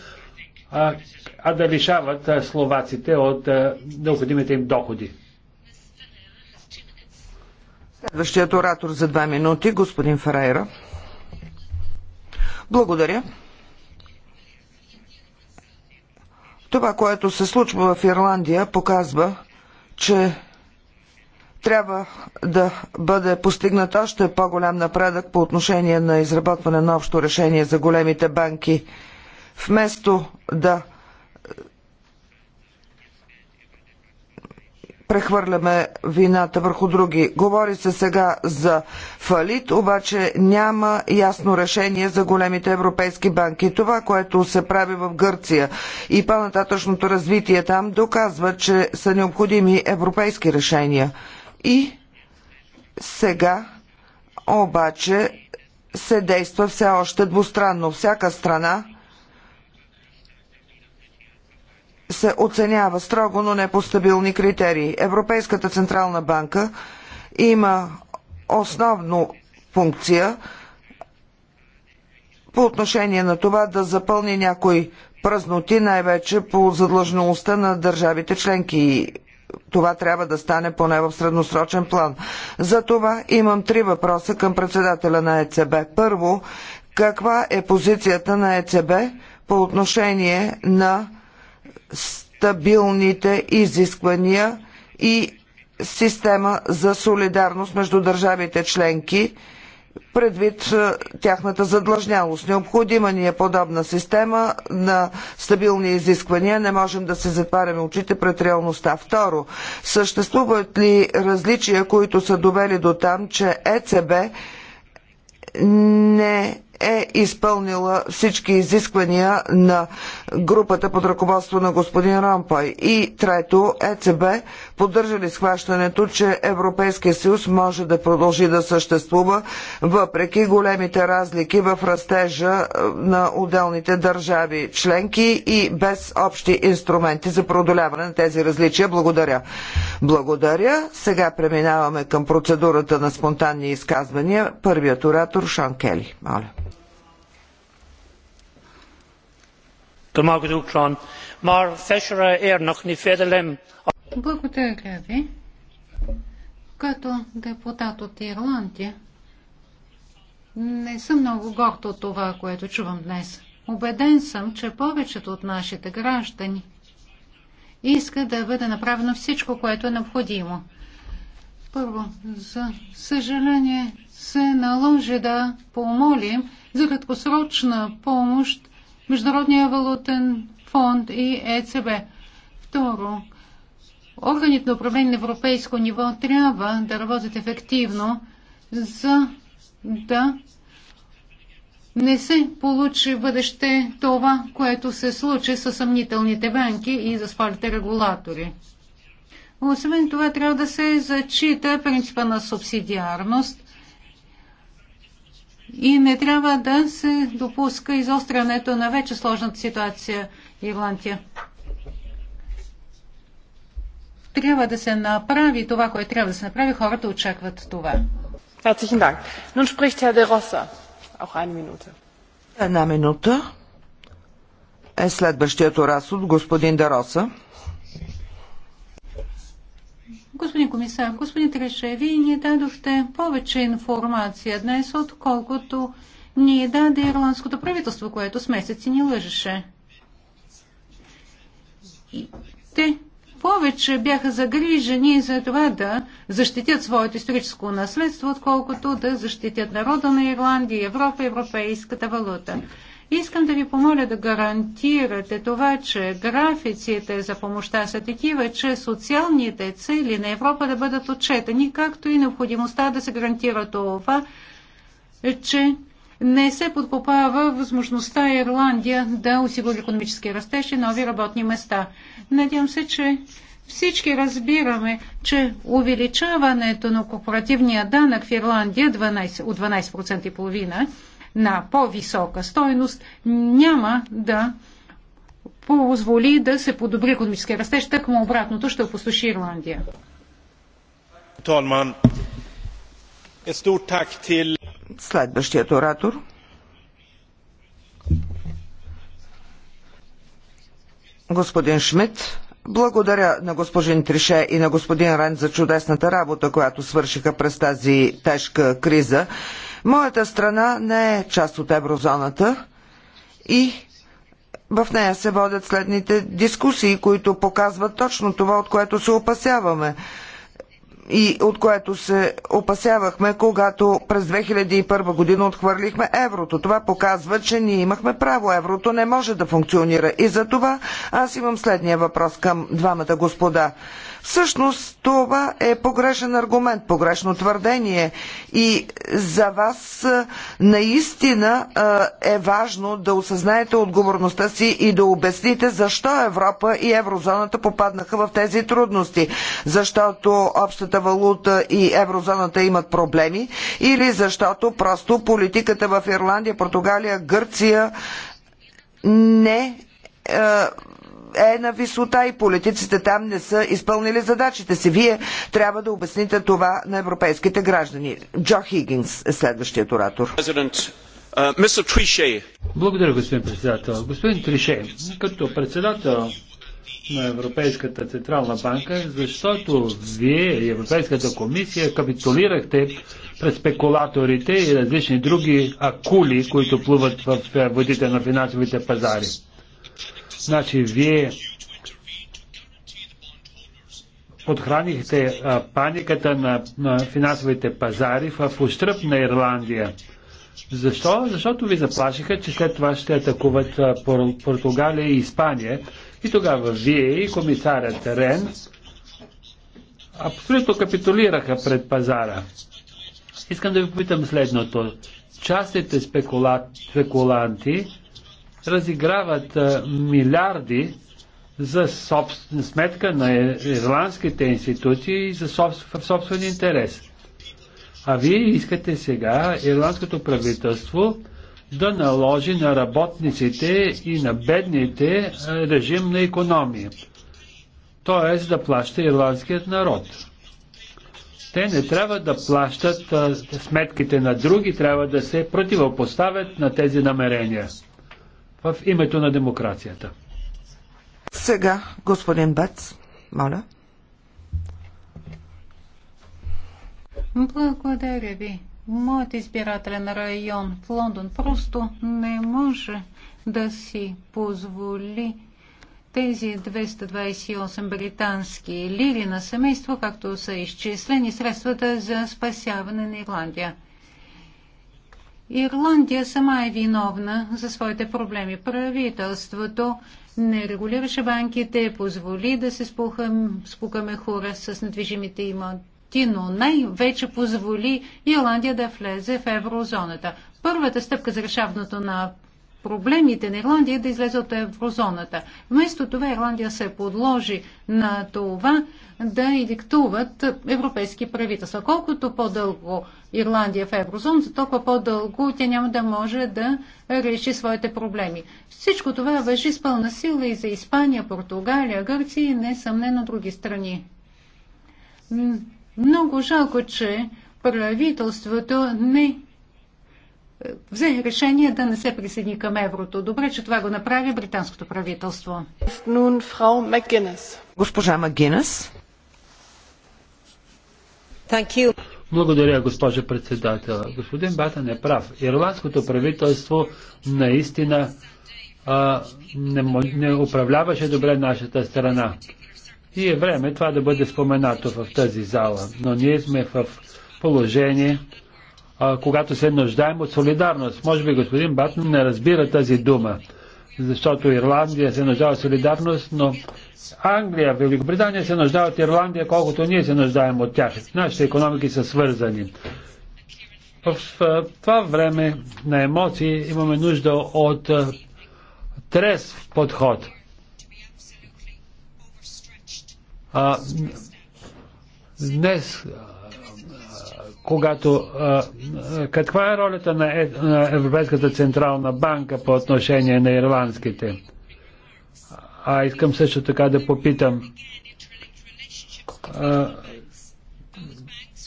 а, а да лишават а, словаците от а, необходимите им доходи. Следващият оратор за два минути, господин Фарайра. Благодаря. Това, което се случва в Ирландия, показва, че трябва да бъде постигнат още по-голям напредък по отношение на изработване на общо решение за големите банки вместо да е, прехвърляме вината върху други. Говори се сега за фалит, обаче няма ясно решение за големите европейски банки. Това, което се прави в Гърция и по-нататъчното развитие там, доказва, че са необходими европейски решения. И сега обаче се действа все още двустранно. Всяка страна се оценява строго, но не по стабилни критерии. Европейската централна банка има основно функция по отношение на това да запълни някои празноти, най-вече по задлъжността на държавите членки. и Това трябва да стане поне в средносрочен план. За това имам три въпроса към председателя на ЕЦБ. Първо, каква е позицията на ЕЦБ по отношение на стабилните изисквания и система за солидарност между държавите членки предвид е, тяхната задлъжнялост. Необходима ни е подобна система на стабилни изисквания. Не можем да се затваряме очите пред реалността. Второ, съществуват ли различия, които са довели до там, че ЕЦБ не е изпълнила всички изисквания на групата под ръководство на господин Ромпой. И трето, ЕЦБ поддържа ли схващането, че Европейския съюз може да продължи да съществува въпреки големите разлики в растежа е, на отделните държави членки и без общи инструменти за преодоляване на тези различия. Благодаря. Благодаря. Сега преминаваме към процедурата на спонтанни изказвания. Първият оратор Шан Кели. Моля. Благодаря ви. Като депутат от Ирландия, не съм много горд от това, което чувам днес. Обеден съм, че повечето от нашите граждани иска да бъде направено всичко, което е необходимо. Първо, за съжаление, се наложи да помолим за краткосрочна помощ Международния валутен фонд и ЕЦБ. Второ, органите на управление на европейско ниво трябва да работят ефективно, за да не се получи в бъдеще това, което се случи с съмнителните банки и за спалите регулатори. Освен това, трябва да се зачита принципа на субсидиарност и не трябва да се допуска изострянето на вече сложната ситуация в Ирландия. Трябва да се направи това, което трябва да се направи. Хората очакват това. Herzlichen Dank. Nun spricht Herr de Rossa. Auch eine Minute. Една минута е следващият орас от господин Дароса. Господин комисар, господин Треше, вие ни дадохте повече информация днес, отколкото ни даде ирландското правителство, което с месеци ни лъжеше. И те повече бяха загрижени за това да защитят своето историческо наследство, отколкото да защитят народа на Ирландия, Европа, европейската валута. Искам да ви помоля да гарантирате това, че графиците за помощта са такива, че социалните цели на Европа да бъдат отчетени, както и необходимостта да се гарантира това, че не се подкопава възможността Ирландия да осигури економически растеж и нови работни места. Надявам се, че всички разбираме, че увеличаването на корпоративния данък в Ирландия 12, от 12% и половина на по-висока стойност няма да позволи да се подобри економическия растеж, так му обратното ще опустоши Ирландия. Следващият оратор. Господин Шмидт, благодаря на господин Трише и на господин Рен за чудесната работа, която свършиха през тази тежка криза. Моята страна не е част от еврозоната и в нея се водят следните дискусии, които показват точно това, от което се опасяваме и от което се опасявахме, когато през 2001 година отхвърлихме еврото. Това показва, че ние имахме право. Еврото не може да функционира. И за това аз имам следния въпрос към двамата господа. Всъщност това е погрешен аргумент, погрешно твърдение и за вас наистина е важно да осъзнаете отговорността си и да обясните защо Европа и еврозоната попаднаха в тези трудности. Защото общата валута и еврозоната имат проблеми или защото просто политиката в Ирландия, Португалия, Гърция не е на висота и политиците там не са изпълнили задачите си. Вие трябва да обясните това на европейските граждани. Джо Хигинс е следващият оратор. Uh, Благодаря, господин председател. Господин Трише, като председател на Европейската централна банка, защото вие и Европейската комисия капитулирахте пред спекулаторите и различни други акули, които плуват в водите на финансовите пазари. Значи, вие подхранихте а, паниката на, на финансовите пазари в ущръп на Ирландия. Защо? Защото ви заплашиха, че след това ще атакуват а, Пор, Португалия и Испания. И тогава вие и комисарят Рен абсолютно капитулираха пред пазара. Искам да ви попитам следното. Частите спекула... спекуланти разиграват милиарди за собствен, сметка на ирландските институции и за собствен, в собствен интерес. А вие искате сега ирландското правителство да наложи на работниците и на бедните режим на економия. Тоест да плаща ирландският народ. Те не трябва да плащат сметките на други, трябва да се противопоставят на тези намерения в името на демокрацията. Сега, господин Бац, моля. Благодаря ви. Моят избирателен район в Лондон просто не може да си позволи тези 228 британски лири на семейство, както са изчислени средствата за спасяване на Ирландия. Ирландия сама е виновна за своите проблеми. Правителството не регулираше банките, позволи да се спухам, спукаме хора с недвижимите имоти, но най-вече позволи Ирландия да влезе в еврозоната. Първата стъпка за решаването на проблемите на Ирландия да излезе от еврозоната. Вместо това Ирландия се подложи на това да и диктуват европейски правителства. Колкото по-дълго Ирландия в еврозоната, толкова по-дълго тя няма да може да реши своите проблеми. Всичко това въжи с пълна сила и за Испания, Португалия, Гърция и несъмнено други страни. Много жалко, че правителството не взе решение да не се присъедини към еврото. Добре, че това го направи британското правителство. Госпожа Магинес. Благодаря, госпожа председател. Господин Батън е прав. Ирландското правителство наистина а, не, не управляваше добре нашата страна. И е време това да бъде споменато в тази зала. Но ние сме в положение, а, когато се нуждаем от солидарност. Може би господин Батън не разбира тази дума, защото Ирландия се нуждае от солидарност, но Англия, Великобритания се нуждаят от Ирландия, колкото ние се нуждаем от тях. Нашите економики са свързани. В това време на емоции имаме нужда от трез подход. А, днес когато, каква е ролята на, е, на Европейската централна банка по отношение на ирландските? А искам също така да попитам, а,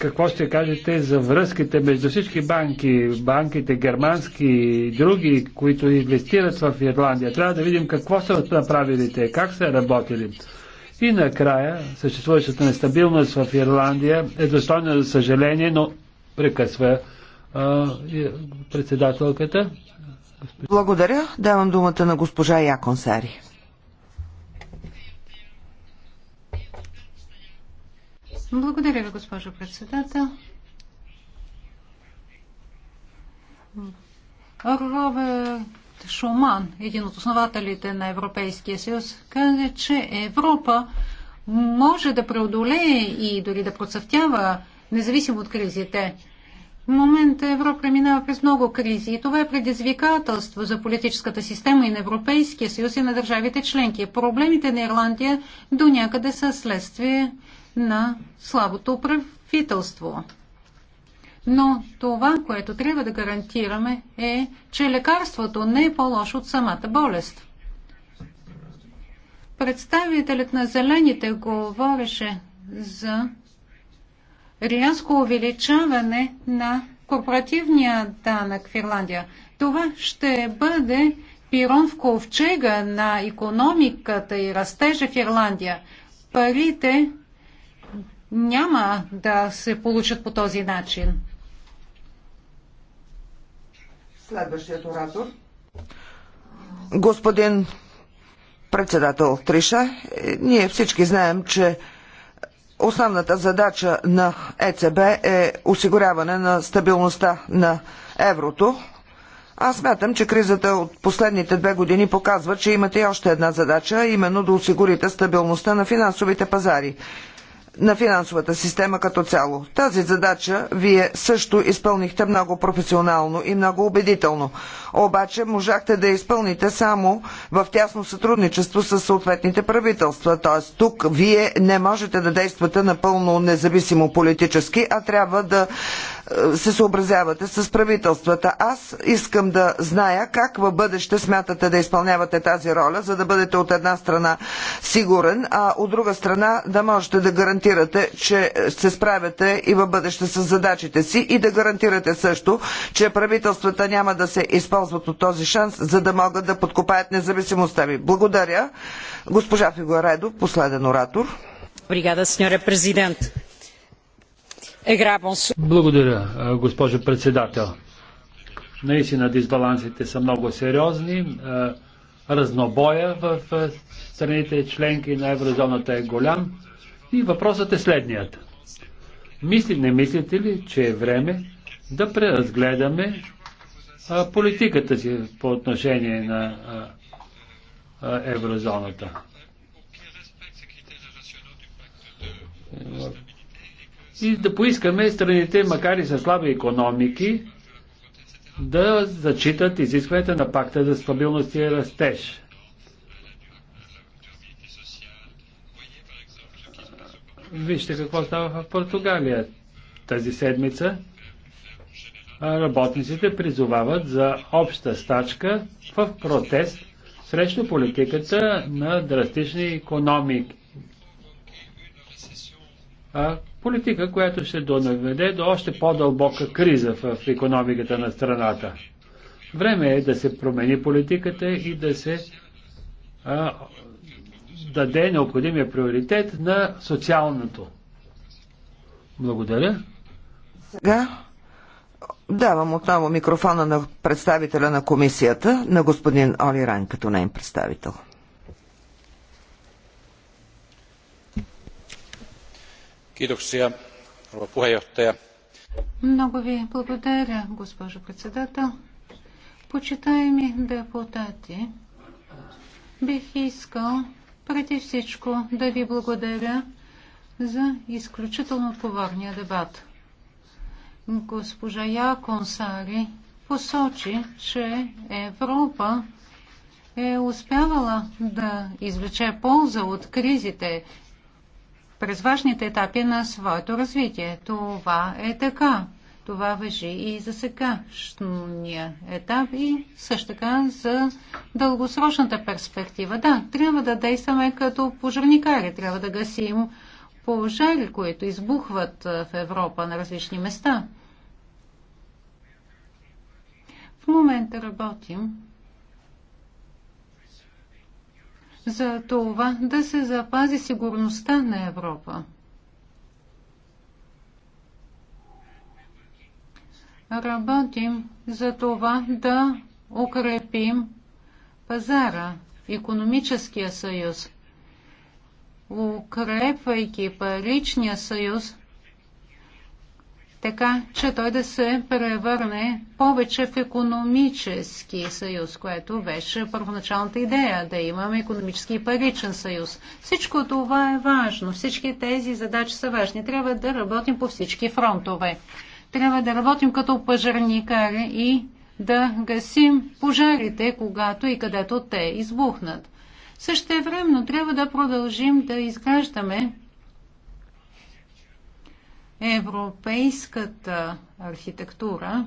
какво ще кажете за връзките между всички банки, банките германски и други, които инвестират в Ирландия? Трябва да видим какво са направили те, как са работили. И накрая, съществуващата нестабилност в Ирландия е достойна за съжаление, но прекъсва а, председателката. Благодаря. Давам думата на госпожа Яконсари. Благодаря ви, госпожо председател. Робер Шуман, един от основателите на Европейския съюз, каза, че Европа може да преодолее и дори да процъфтява, независимо от кризите. В момента Европа преминава през много кризи и това е предизвикателство за политическата система и на Европейския съюз и на държавите членки. Проблемите на Ирландия до някъде са следствие на слабото правителство. Но това, което трябва да гарантираме е, че лекарството не е по-лошо от самата болест. Представителят на зелените говореше за рязко увеличаване на корпоративния данък в Ирландия. Това ще бъде пирон в ковчега на економиката и растежа в Ирландия. Парите няма да се получат по този начин. Следващият оратор. Господин председател Триша, ние всички знаем, че основната задача на ЕЦБ е осигуряване на стабилността на еврото. Аз смятам, че кризата от последните две години показва, че имате и още една задача, именно да осигурите стабилността на финансовите пазари на финансовата система като цяло. Тази задача вие също изпълнихте много професионално и много убедително. Обаче можахте да изпълните само в тясно сътрудничество с съответните правителства. Т.е. тук вие не можете да действате напълно независимо политически, а трябва да се съобразявате с правителствата. Аз искам да зная как в бъдеще смятате да изпълнявате тази роля, за да бъдете от една страна сигурен, а от друга страна да можете да гарантирате, че се справяте и в бъдеще с задачите си и да гарантирате също, че правителствата няма да се използват от този шанс, за да могат да подкопаят независимостта ви. Благодаря. Госпожа Фигуаредо, последен оратор. Obrigada, сеньоре президент. Благодаря, госпожо председател. Наистина дисбалансите са много сериозни. Разнобоя в страните членки на еврозоната е голям. И въпросът е следният. Мисли, не мислите ли, че е време да преразгледаме политиката си по отношение на еврозоната? и да поискаме страните, макар и за слаби економики, да зачитат изискването на пакта за стабилност и растеж. Вижте какво става в Португалия тази седмица. Работниците призовават за обща стачка в протест срещу политиката на драстични економики, Политика, която ще донаведе до още по-дълбока криза в економиката на страната. Време е да се промени политиката и да се а, даде необходимия приоритет на социалното. Благодаря. Сега давам отново микрофона на представителя на комисията, на господин Оли Ран, като нейн представител. Много ви благодаря, госпожо председател. Почитаеми депутати, бих искал преди всичко да ви благодаря за изключително отговорния дебат. Госпожа Яконсари посочи, че Европа е успявала да извлече полза от кризите през важните етапи на своето развитие. Това е така. Това въжи и за сегашния етап и също така за дългосрочната перспектива. Да, трябва да действаме като пожарникари, трябва да гасим пожари, които избухват в Европа на различни места. В момента работим за това да се запази сигурността на Европа. Работим за това да укрепим пазара, економическия съюз. Укрепвайки паричния съюз, така че той да се превърне повече в економически съюз, което беше първоначалната идея, да имаме економически и паричен съюз. Всичко това е важно, всички тези задачи са важни. Трябва да работим по всички фронтове. Трябва да работим като пожарникари и да гасим пожарите, когато и където те избухнат. Същевременно трябва да продължим да изграждаме европейската архитектура,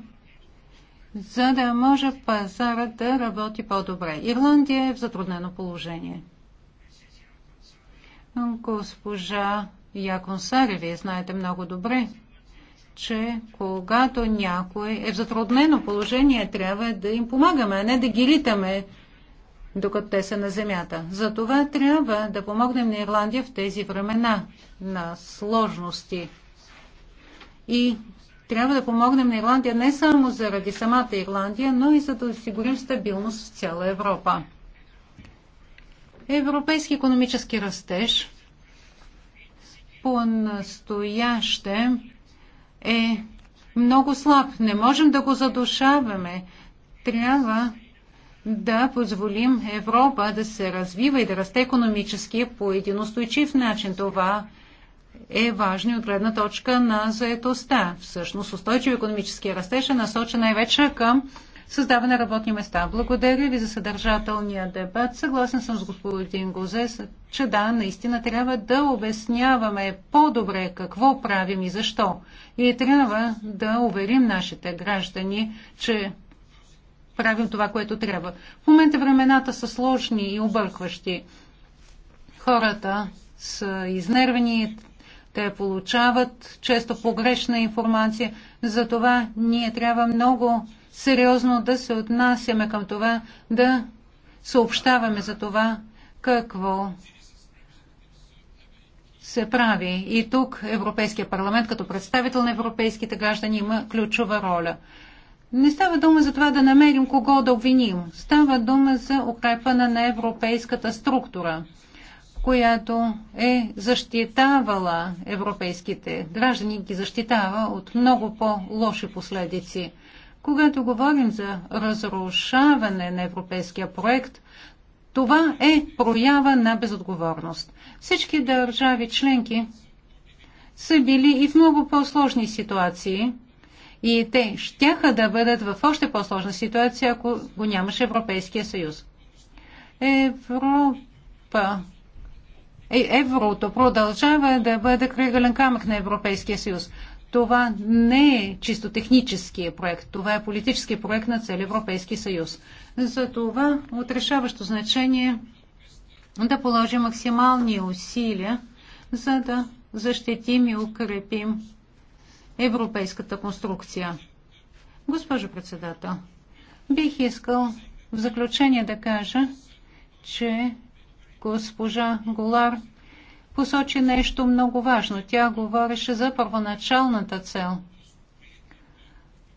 за да може пазара да работи по-добре. Ирландия е в затруднено положение. Госпожа Яконсари, вие знаете много добре, че когато някой е в затруднено положение, трябва да им помагаме, а не да ги литаме, докато те са на земята. Затова трябва да помогнем на Ирландия в тези времена на сложности. И трябва да помогнем на Ирландия не само заради самата Ирландия, но и за да осигурим стабилност в цяла Европа. Европейски економически растеж по-настояще е много слаб. Не можем да го задушаваме. Трябва да позволим Европа да се развива и да расте економически по един устойчив начин. Това е важно от гледна точка на заетостта. Всъщност устойчив економически растеж е насочен най-вече към създаване на работни места. Благодаря ви за съдържателния дебат. Съгласен съм с господин Гозес, че да, наистина трябва да обясняваме по-добре какво правим и защо. И трябва да уверим нашите граждани, че правим това, което трябва. В момента времената са сложни и объркващи. Хората са изнервени, те получават често погрешна информация. Затова ние трябва много сериозно да се отнасяме към това, да съобщаваме за това какво се прави. И тук Европейския парламент като представител на европейските граждани има ключова роля. Не става дума за това да намерим кого да обвиним. Става дума за укрепване на европейската структура която е защитавала европейските граждани, ги защитава от много по-лоши последици. Когато говорим за разрушаване на европейския проект, това е проява на безотговорност. Всички държави членки са били и в много по-сложни ситуации и те щяха да бъдат в още по-сложна ситуация, ако го нямаше Европейския съюз. Европа е, еврото продължава да бъде кръгълен камък на Европейския съюз. Това не е чисто технически проект, това е политически проект на цел Европейски съюз. За това отрешаващо значение да положим максимални усилия, за да защитим и укрепим европейската конструкция. Госпожо председател, бих искал в заключение да кажа, че Госпожа Голар посочи нещо много важно. Тя говореше за първоначалната цел,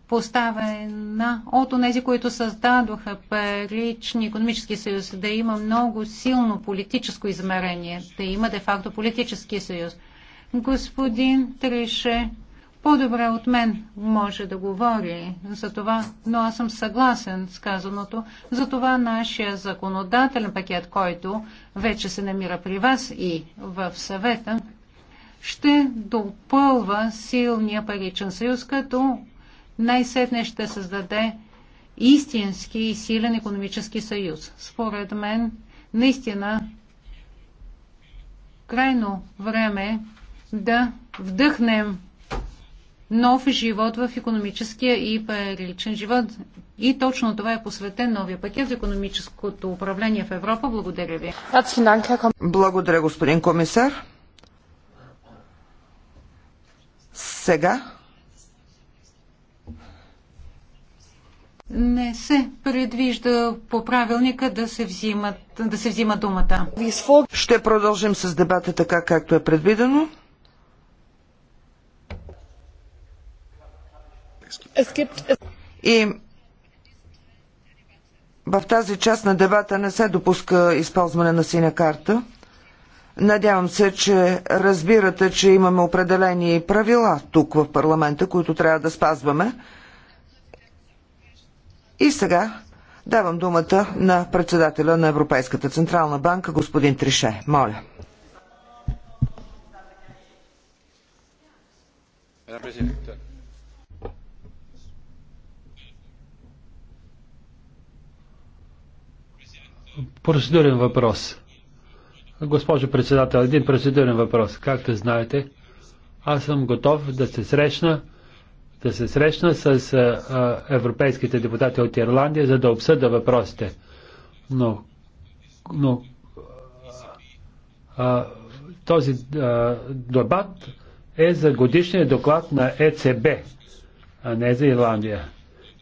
поставена от онези, които създадоха парични економически съюз, да има много силно политическо измерение, да има де-факто политически съюз. Господин Трише по-добре от мен може да говори за това, но аз съм съгласен с казаното. За това нашия законодателен пакет, който вече се намира при вас и в съвета, ще допълва силния паричен съюз, като най-сетне ще създаде истински и силен економически съюз. Според мен, наистина, крайно време е да вдъхнем нов живот в економическия и паричен живот. И точно това е посветен новия пакет за економическото управление в Европа. Благодаря ви. Благодаря, господин комисар. Сега Не се предвижда по правилника да се, взимат, да се взима думата. Ще продължим с дебата така, както е предвидено. Е, е, И в тази част на дебата не се допуска използване на синя карта. Надявам се, че разбирате, че имаме определени правила тук в парламента, които трябва да спазваме. И сега давам думата на председателя на Европейската централна банка, господин Трише. Моля. Президента. Процедурен въпрос. Госпожо председател, един процедурен въпрос. Както знаете, аз съм готов да се срещна да се срещна с а, европейските депутати от Ирландия, за да обсъда въпросите. Но, но а, този а, дебат е за годишния доклад на ЕЦБ, а не за Ирландия.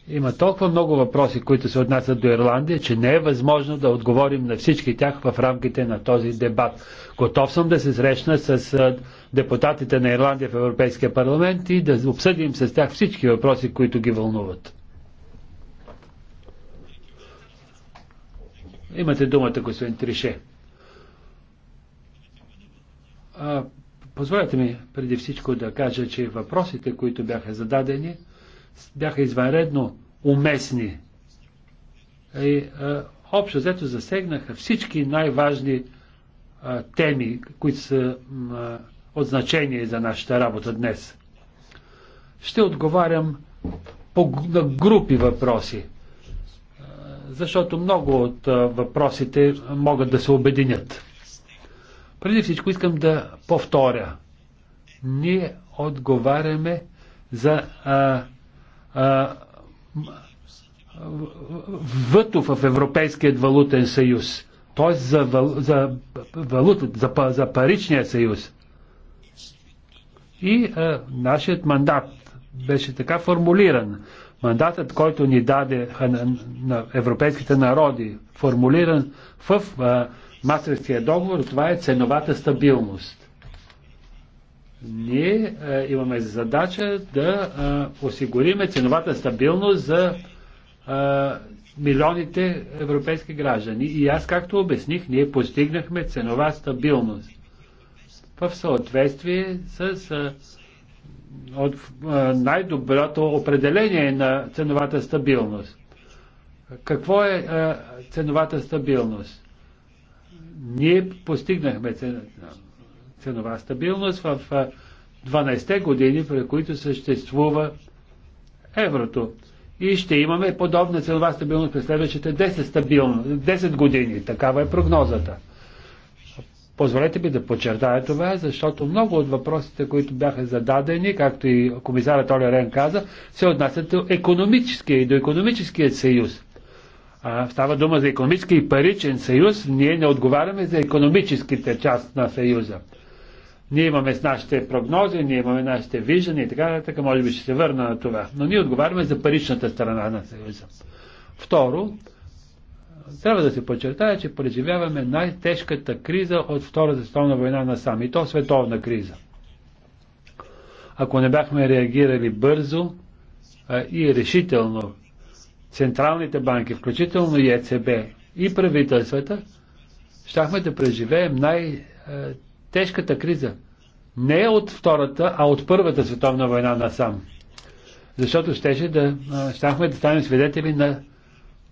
Има толкова много въпроси, които се отнасят до Ирландия, че не е възможно да отговорим на всички тях в рамките на този дебат. Готов съм да се срещна с депутатите на Ирландия в Европейския парламент и да обсъдим с тях всички въпроси, които ги вълнуват. Имате думата, господин Трише. А, позволете ми преди всичко да кажа, че въпросите, които бяха зададени, бяха извънредно уместни. И, а, е, общо взето засегнаха всички най-важни е, теми, които са а, е, от значение за нашата работа днес. Ще отговарям по, на групи въпроси, а, защото много от а, въпросите могат да се обединят. Преди всичко искам да повторя. Ние отговаряме за а, Вътре в Европейският валутен съюз, т.е. за, вал, за валута, за, за паричния съюз. И а, нашият мандат беше така формулиран. Мандатът, който ни даде на, на европейските народи, формулиран в а, Мастерския договор, това е ценовата стабилност. Ние а, е, имаме задача да а, е, осигуриме ценовата стабилност за а, е, милионите европейски граждани. И аз, както обясних, ние постигнахме ценова стабилност в съответствие с а, от, а, най-доброто определение на ценовата стабилност. Какво е а, ценовата стабилност? Ние постигнахме цената ценова стабилност в 12-те години, при които съществува еврото. И ще имаме подобна ценова стабилност през следващите 10, стабилно, 10 години. Такава е прогнозата. Позволете ми да подчертая това, защото много от въпросите, които бяха зададени, както и комисарът Оля Рен каза, се отнасят до економическия и до економическият съюз. А, става дума за економически и паричен съюз, ние не отговаряме за економическите част на съюза. Ние имаме с нашите прогнози, ние имаме нашите виждания и така нататък. Може би ще се върна на това. Но ние отговаряме за паричната страна на Съюза. Второ, трябва да се подчертая, че преживяваме най-тежката криза от Втората световна война на САМ И то световна криза. Ако не бяхме реагирали бързо а, и решително, централните банки, включително и ЕЦБ и правителствата, щяхме да преживеем най- тежката криза не е от Втората, а от Първата световна война насам. Защото щеше да, щяхме да станем свидетели на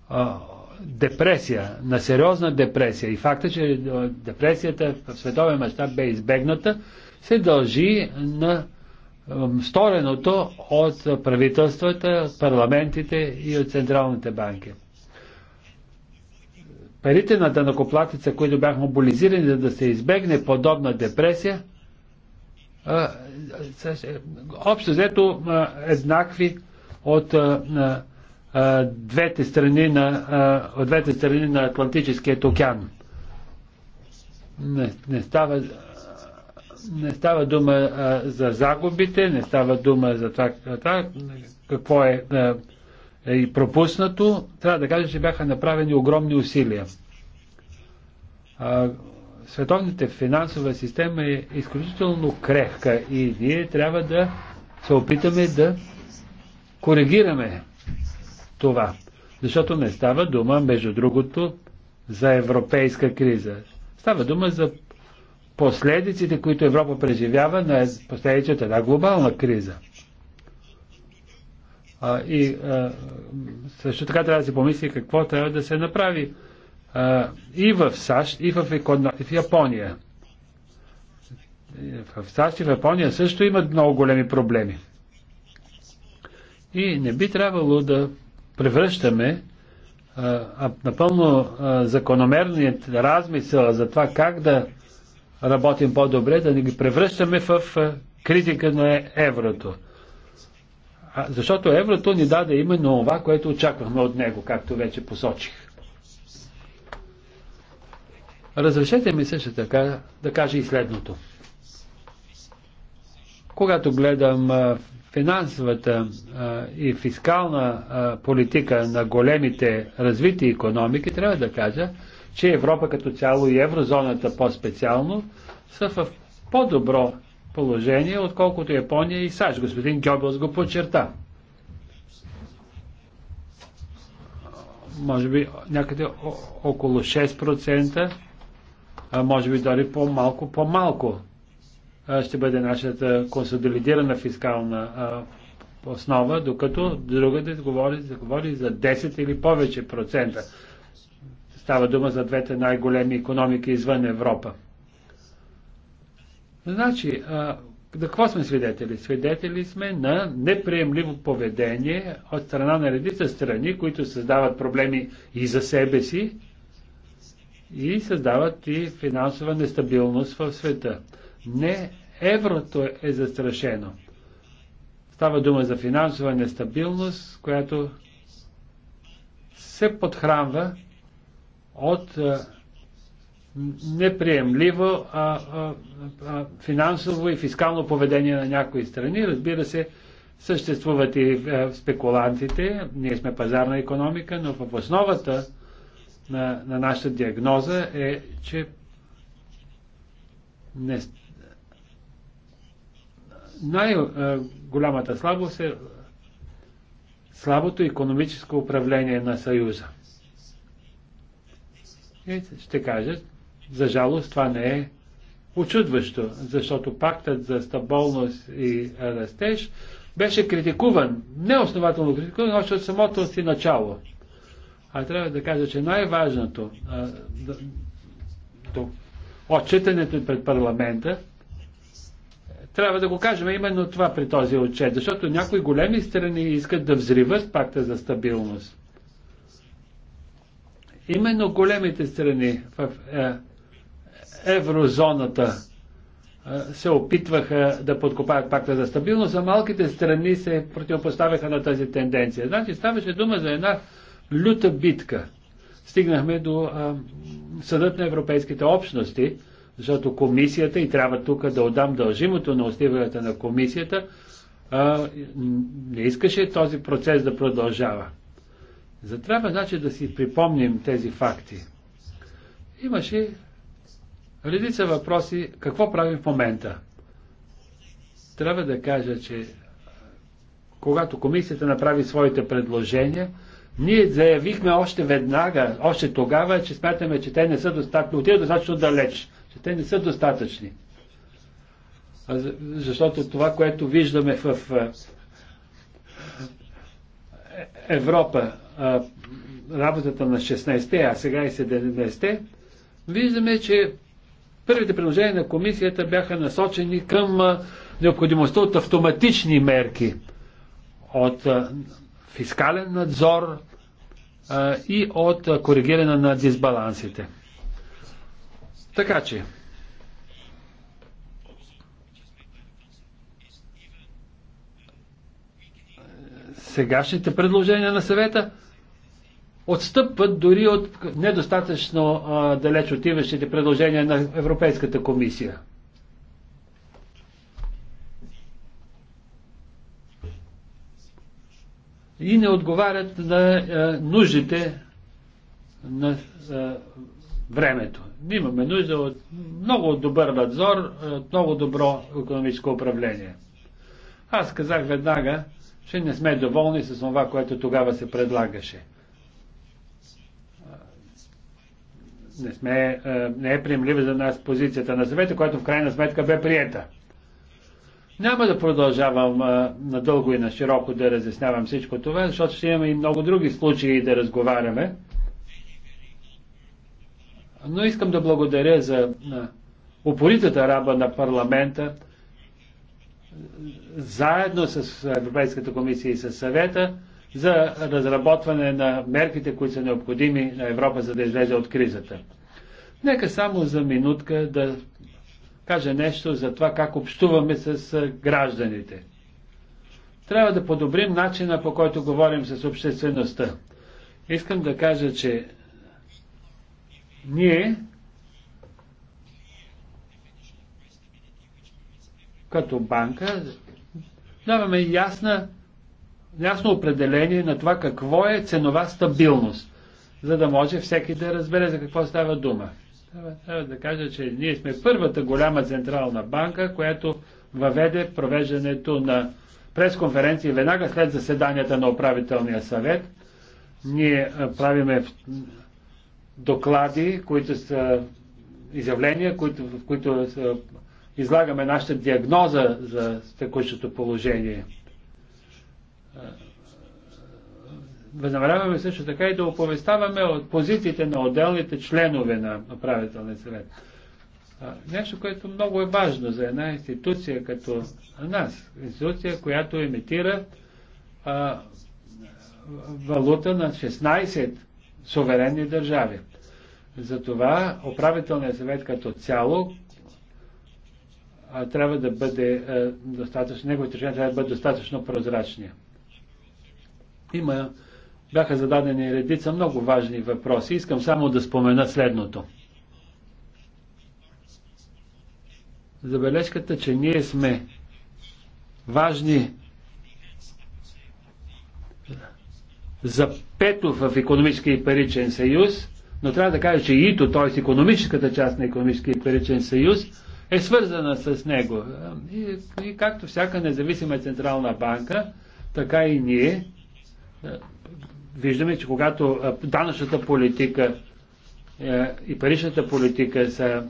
а, депресия, на сериозна депресия. И факта, че депресията в световен мащаб бе избегната, се дължи на стореното от правителствата, парламентите и от централните банки парите на данакоплатица, които бяха мобилизирани, за да се избегне подобна депресия, а, общо взето а, еднакви от а, двете страни на, от двете страни на Атлантическият океан. Не, не, става, не става дума а, за загубите, не става дума за това, това какво е а, е и пропуснато, трябва да кажа, че бяха направени огромни усилия. Световната финансова система е изключително крехка и ние трябва да се опитаме да коригираме това. Защото не става дума, между другото, за европейска криза. Става дума за последиците, които Европа преживява на последиците една глобална криза. А, и а, също така трябва да се помисли какво трябва да се направи а, и в САЩ, и в, и в Япония. В САЩ и в Япония също имат много големи проблеми. И не би трябвало да превръщаме а, напълно а, закономерният размисъл за това как да работим по-добре, да не ги превръщаме в а, критика на еврото защото еврото ни даде именно това, което очаквахме от него, както вече посочих. Разрешете ми също така да кажа и следното. Когато гледам финансовата и фискална политика на големите развити економики, трябва да кажа, че Европа като цяло и еврозоната по-специално са в по-добро положение, отколкото Япония и САЩ. Господин Гьобелс го подчерта. Може би някъде около 6%, а може би дори по-малко, по-малко ще бъде нашата консолидирана фискална основа, докато другата говори, говори за 10 или повече процента. Става дума за двете най-големи економики извън Европа. Значи, а, да какво сме свидетели? Свидетели сме на неприемливо поведение от страна на редица страни, които създават проблеми и за себе си, и създават и финансова нестабилност в света. Не еврото е застрашено. Става дума за финансова нестабилност, която се подхранва от неприемливо а, а, а, финансово и фискално поведение на някои страни. Разбира се, съществуват и а, спекулантите. Ние сме пазарна економика, но в основата на, на нашата диагноза е, че не... най-голямата слабост е слабото економическо управление на Съюза. И ще кажат, за жалост това не е очудващо, защото пактът за стабилност и растеж беше критикуван, неоснователно критикуван, още от самото си начало. А трябва да кажа, че най-важното да, отчитането пред парламента трябва да го кажем именно това при този отчет, защото някои големи страни искат да взриват пакта за стабилност. Именно големите страни в е, еврозоната се опитваха да подкопаят пакта за стабилност, а малките страни се противопоставяха на тази тенденция. Значи ставаше дума за една люта битка. Стигнахме до а, съдът на европейските общности, защото комисията, и трябва тук да отдам дължимото на устиването на комисията, а, не искаше този процес да продължава. За трябва значи да си припомним тези факти. Имаше редица въпроси какво правим в момента. Трябва да кажа, че когато комисията направи своите предложения, ние заявихме още веднага, още тогава, че смятаме, че те не са достатъчни, отиват достатъчно далеч, че те не са достатъчни. Защото това, което виждаме в Европа, работата на 16-те, а сега и 17-те, виждаме, че Първите предложения на комисията бяха насочени към необходимостта от автоматични мерки, от фискален надзор и от коригиране на дисбалансите. Така че, сегашните предложения на съвета отстъпват дори от недостатъчно а, далеч отиващите предложения на Европейската комисия. И не отговарят на а, нуждите на а, времето. Имаме нужда от много добър надзор, от много добро економическо управление. Аз казах веднага, че не сме доволни с това, което тогава се предлагаше. не, сме, е, не е приемлива за нас позицията на съвета, която в крайна сметка бе приета. Няма да продължавам е, надълго и на широко да разяснявам всичко това, защото ще имаме и много други случаи да разговаряме. Но искам да благодаря за е, упоритата раба на парламента, заедно с Европейската комисия и с съвета, за разработване на мерките, които са необходими на Европа, за да излезе от кризата. Нека само за минутка да кажа нещо за това как общуваме с гражданите. Трябва да подобрим начина по който говорим с обществеността. Искам да кажа, че ние като банка даваме ясна ясно определение на това какво е ценова стабилност, за да може всеки да разбере за какво става дума. Трябва, да кажа, че ние сме първата голяма централна банка, която въведе провеждането на пресконференции веднага след заседанията на управителния съвет. Ние правиме доклади, които са изявления, които, в които излагаме нашата диагноза за текущото положение. Възнамеряваме също така и да оповеставаме от позициите на отделните членове на управителния съвет. Нещо, което много е важно за една институция като нас. Институция, която емитира а, валута на 16 суверенни държави. Затова управителният съвет като цяло а, трябва да бъде а, достатъчно, неговите трябва да бъдат достатъчно прозрачни. Има, бяха зададени редица много важни въпроси. Искам само да спомена следното. Забележката, че ние сме важни за пето в економически и паричен съюз, но трябва да кажа, че ИТО, т.е. економическата част на економически и паричен съюз, е свързана с него. И, и както всяка независима централна банка, така и ние е, виждаме, че когато е, данъчната политика е, и паричната политика са.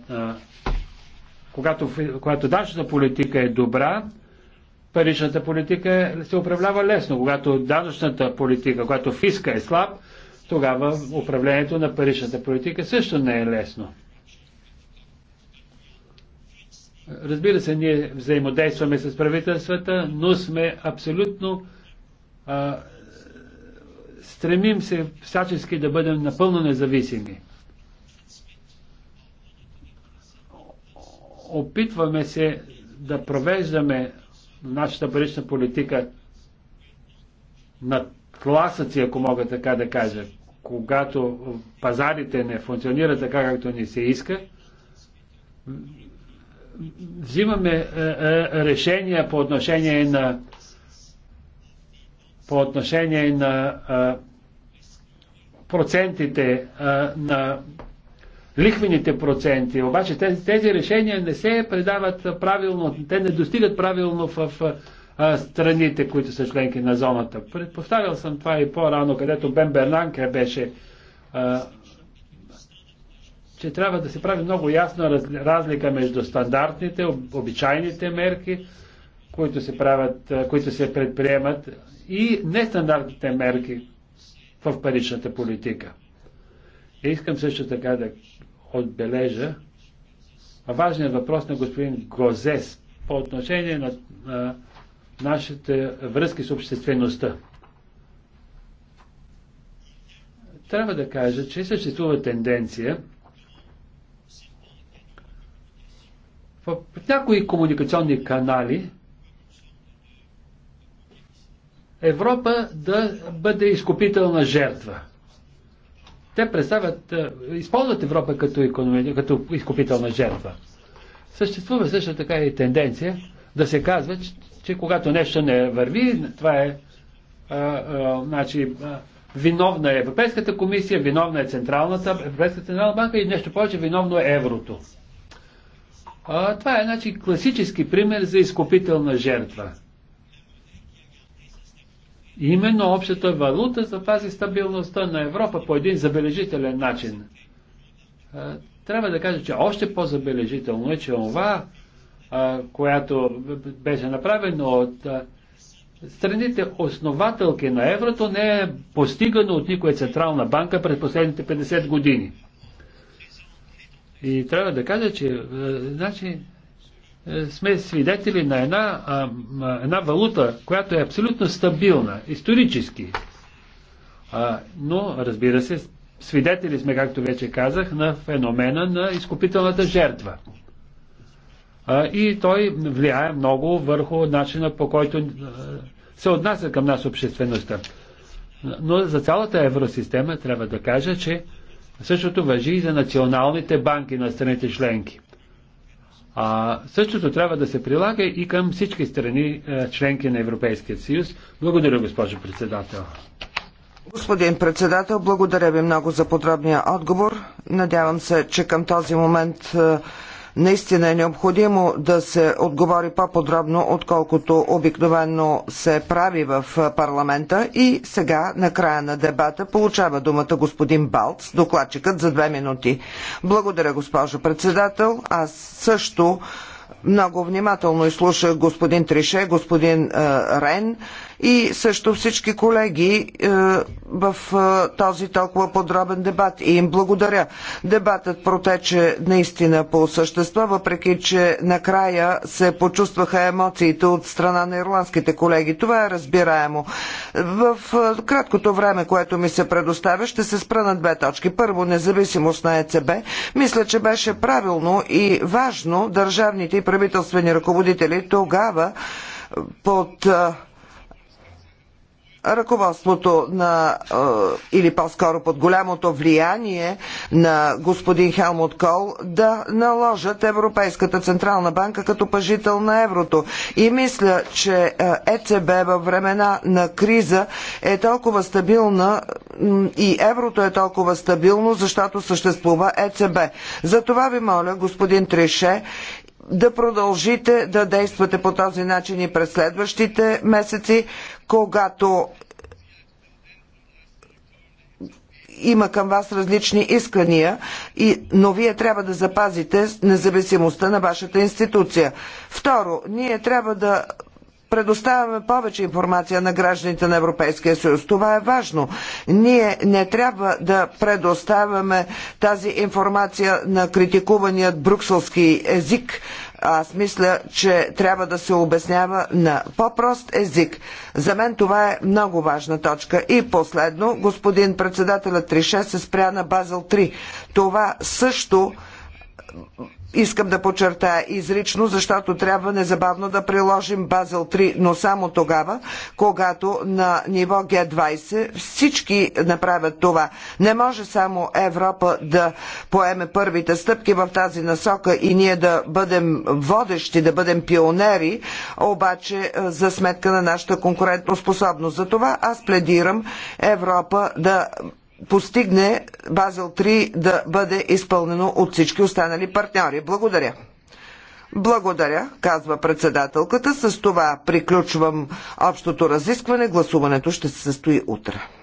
Когато, когато данъчната политика е добра, паричната политика се управлява лесно. Когато данъчната политика, когато фиска е слаб, тогава управлението на паричната политика също не е лесно. Разбира се, ние взаимодействаме с правителствата, но сме абсолютно а, Стремим се всячески да бъдем напълно независими. Опитваме се да провеждаме нашата парична политика на тласъци, ако мога така да кажа, когато пазарите не функционират така, както ни се иска, взимаме е, е, решения по отношение на по отношение на е, процентите а, на лихвените проценти. Обаче тези, тези решения не се предават правилно, те не достигат правилно в а, страните, които са членки на зоната. Повтарял съм това и по-рано, където Бен Бернанке беше, а, че трябва да се прави много ясна разлика между стандартните, обичайните мерки, които се, правят, които се предприемат и нестандартните мерки, в паричната политика. Искам също така да отбележа важният въпрос на господин Гозес по отношение на, на нашите връзки с обществеността. Трябва да кажа, че съществува тенденция в някои комуникационни канали Европа да бъде изкупителна жертва. Те представят, е, използват Европа като, економи, като изкупителна жертва. Съществува също така и тенденция да се казва, че, че когато нещо не върви, това е а, е, а, е, значи, а, виновна е Европейската комисия, виновна е Централната, Европейската Централна банка и нещо повече виновно е еврото. А, това е значи, класически пример за изкупителна жертва. И именно общата валута запази стабилността на Европа по един забележителен начин. Е, трябва да кажа, че още по-забележително е, че това, е, която беше направено от е, страните основателки на еврото, не е постигано от никоя централна банка през последните 50 години. И трябва да кажа, че значи, е, сме свидетели на една, една валута, която е абсолютно стабилна, исторически. но, разбира се, свидетели сме, както вече казах, на феномена на изкупителната жертва. и той влияе много върху начина по който се отнася към нас обществеността. Но за цялата евросистема трябва да кажа, че същото въжи и за националните банки на страните членки. А, същото трябва да се прилага и към всички страни, е, членки на Европейския съюз. Благодаря, госпожо председател. Господин председател, благодаря ви много за подробния отговор. Надявам се, че към този момент е, наистина е необходимо да се отговори по-подробно, отколкото обикновено се прави в парламента. И сега, на края на дебата, получава думата господин Балц, докладчикът за две минути. Благодаря, госпожо председател. Аз също много внимателно изслушах господин Трише, господин е, Рен и също всички колеги е, в е, този толкова подробен дебат и им благодаря. Дебатът протече наистина по същество, въпреки че накрая се почувстваха емоциите от страна на ирландските колеги. Това е разбираемо. В е, краткото време, което ми се предоставя, ще се спра на две точки. Първо, независимост на ЕЦБ. Мисля, че беше правилно и важно държавните и правителствени ръководители тогава под ръководството на, е, или по-скоро под голямото влияние на господин Хелмут Кол да наложат Европейската Централна банка като пажител на еврото. И мисля, че ЕЦБ е във времена на криза е толкова стабилна и еврото е толкова стабилно, защото съществува ЕЦБ. За това ви моля, господин Трише, да продължите да действате по този начин и през следващите месеци когато има към вас различни искания, и, но вие трябва да запазите независимостта на вашата институция. Второ, ние трябва да предоставяме повече информация на гражданите на Европейския съюз. Това е важно. Ние не трябва да предоставяме тази информация на критикуваният брюкселски език, аз мисля, че трябва да се обяснява на по-прост език. За мен това е много важна точка. И последно, господин председателят Трише се спря на Базел 3. Това също искам да подчертая изрично, защото трябва незабавно да приложим Базел 3, но само тогава, когато на ниво Г20 всички направят това. Не може само Европа да поеме първите стъпки в тази насока и ние да бъдем водещи, да бъдем пионери, обаче е, за сметка на нашата конкурентоспособност. За това аз пледирам Европа да постигне Базел 3 да бъде изпълнено от всички останали партньори. Благодаря. Благодаря, казва председателката. С това приключвам общото разискване. Гласуването ще се състои утре.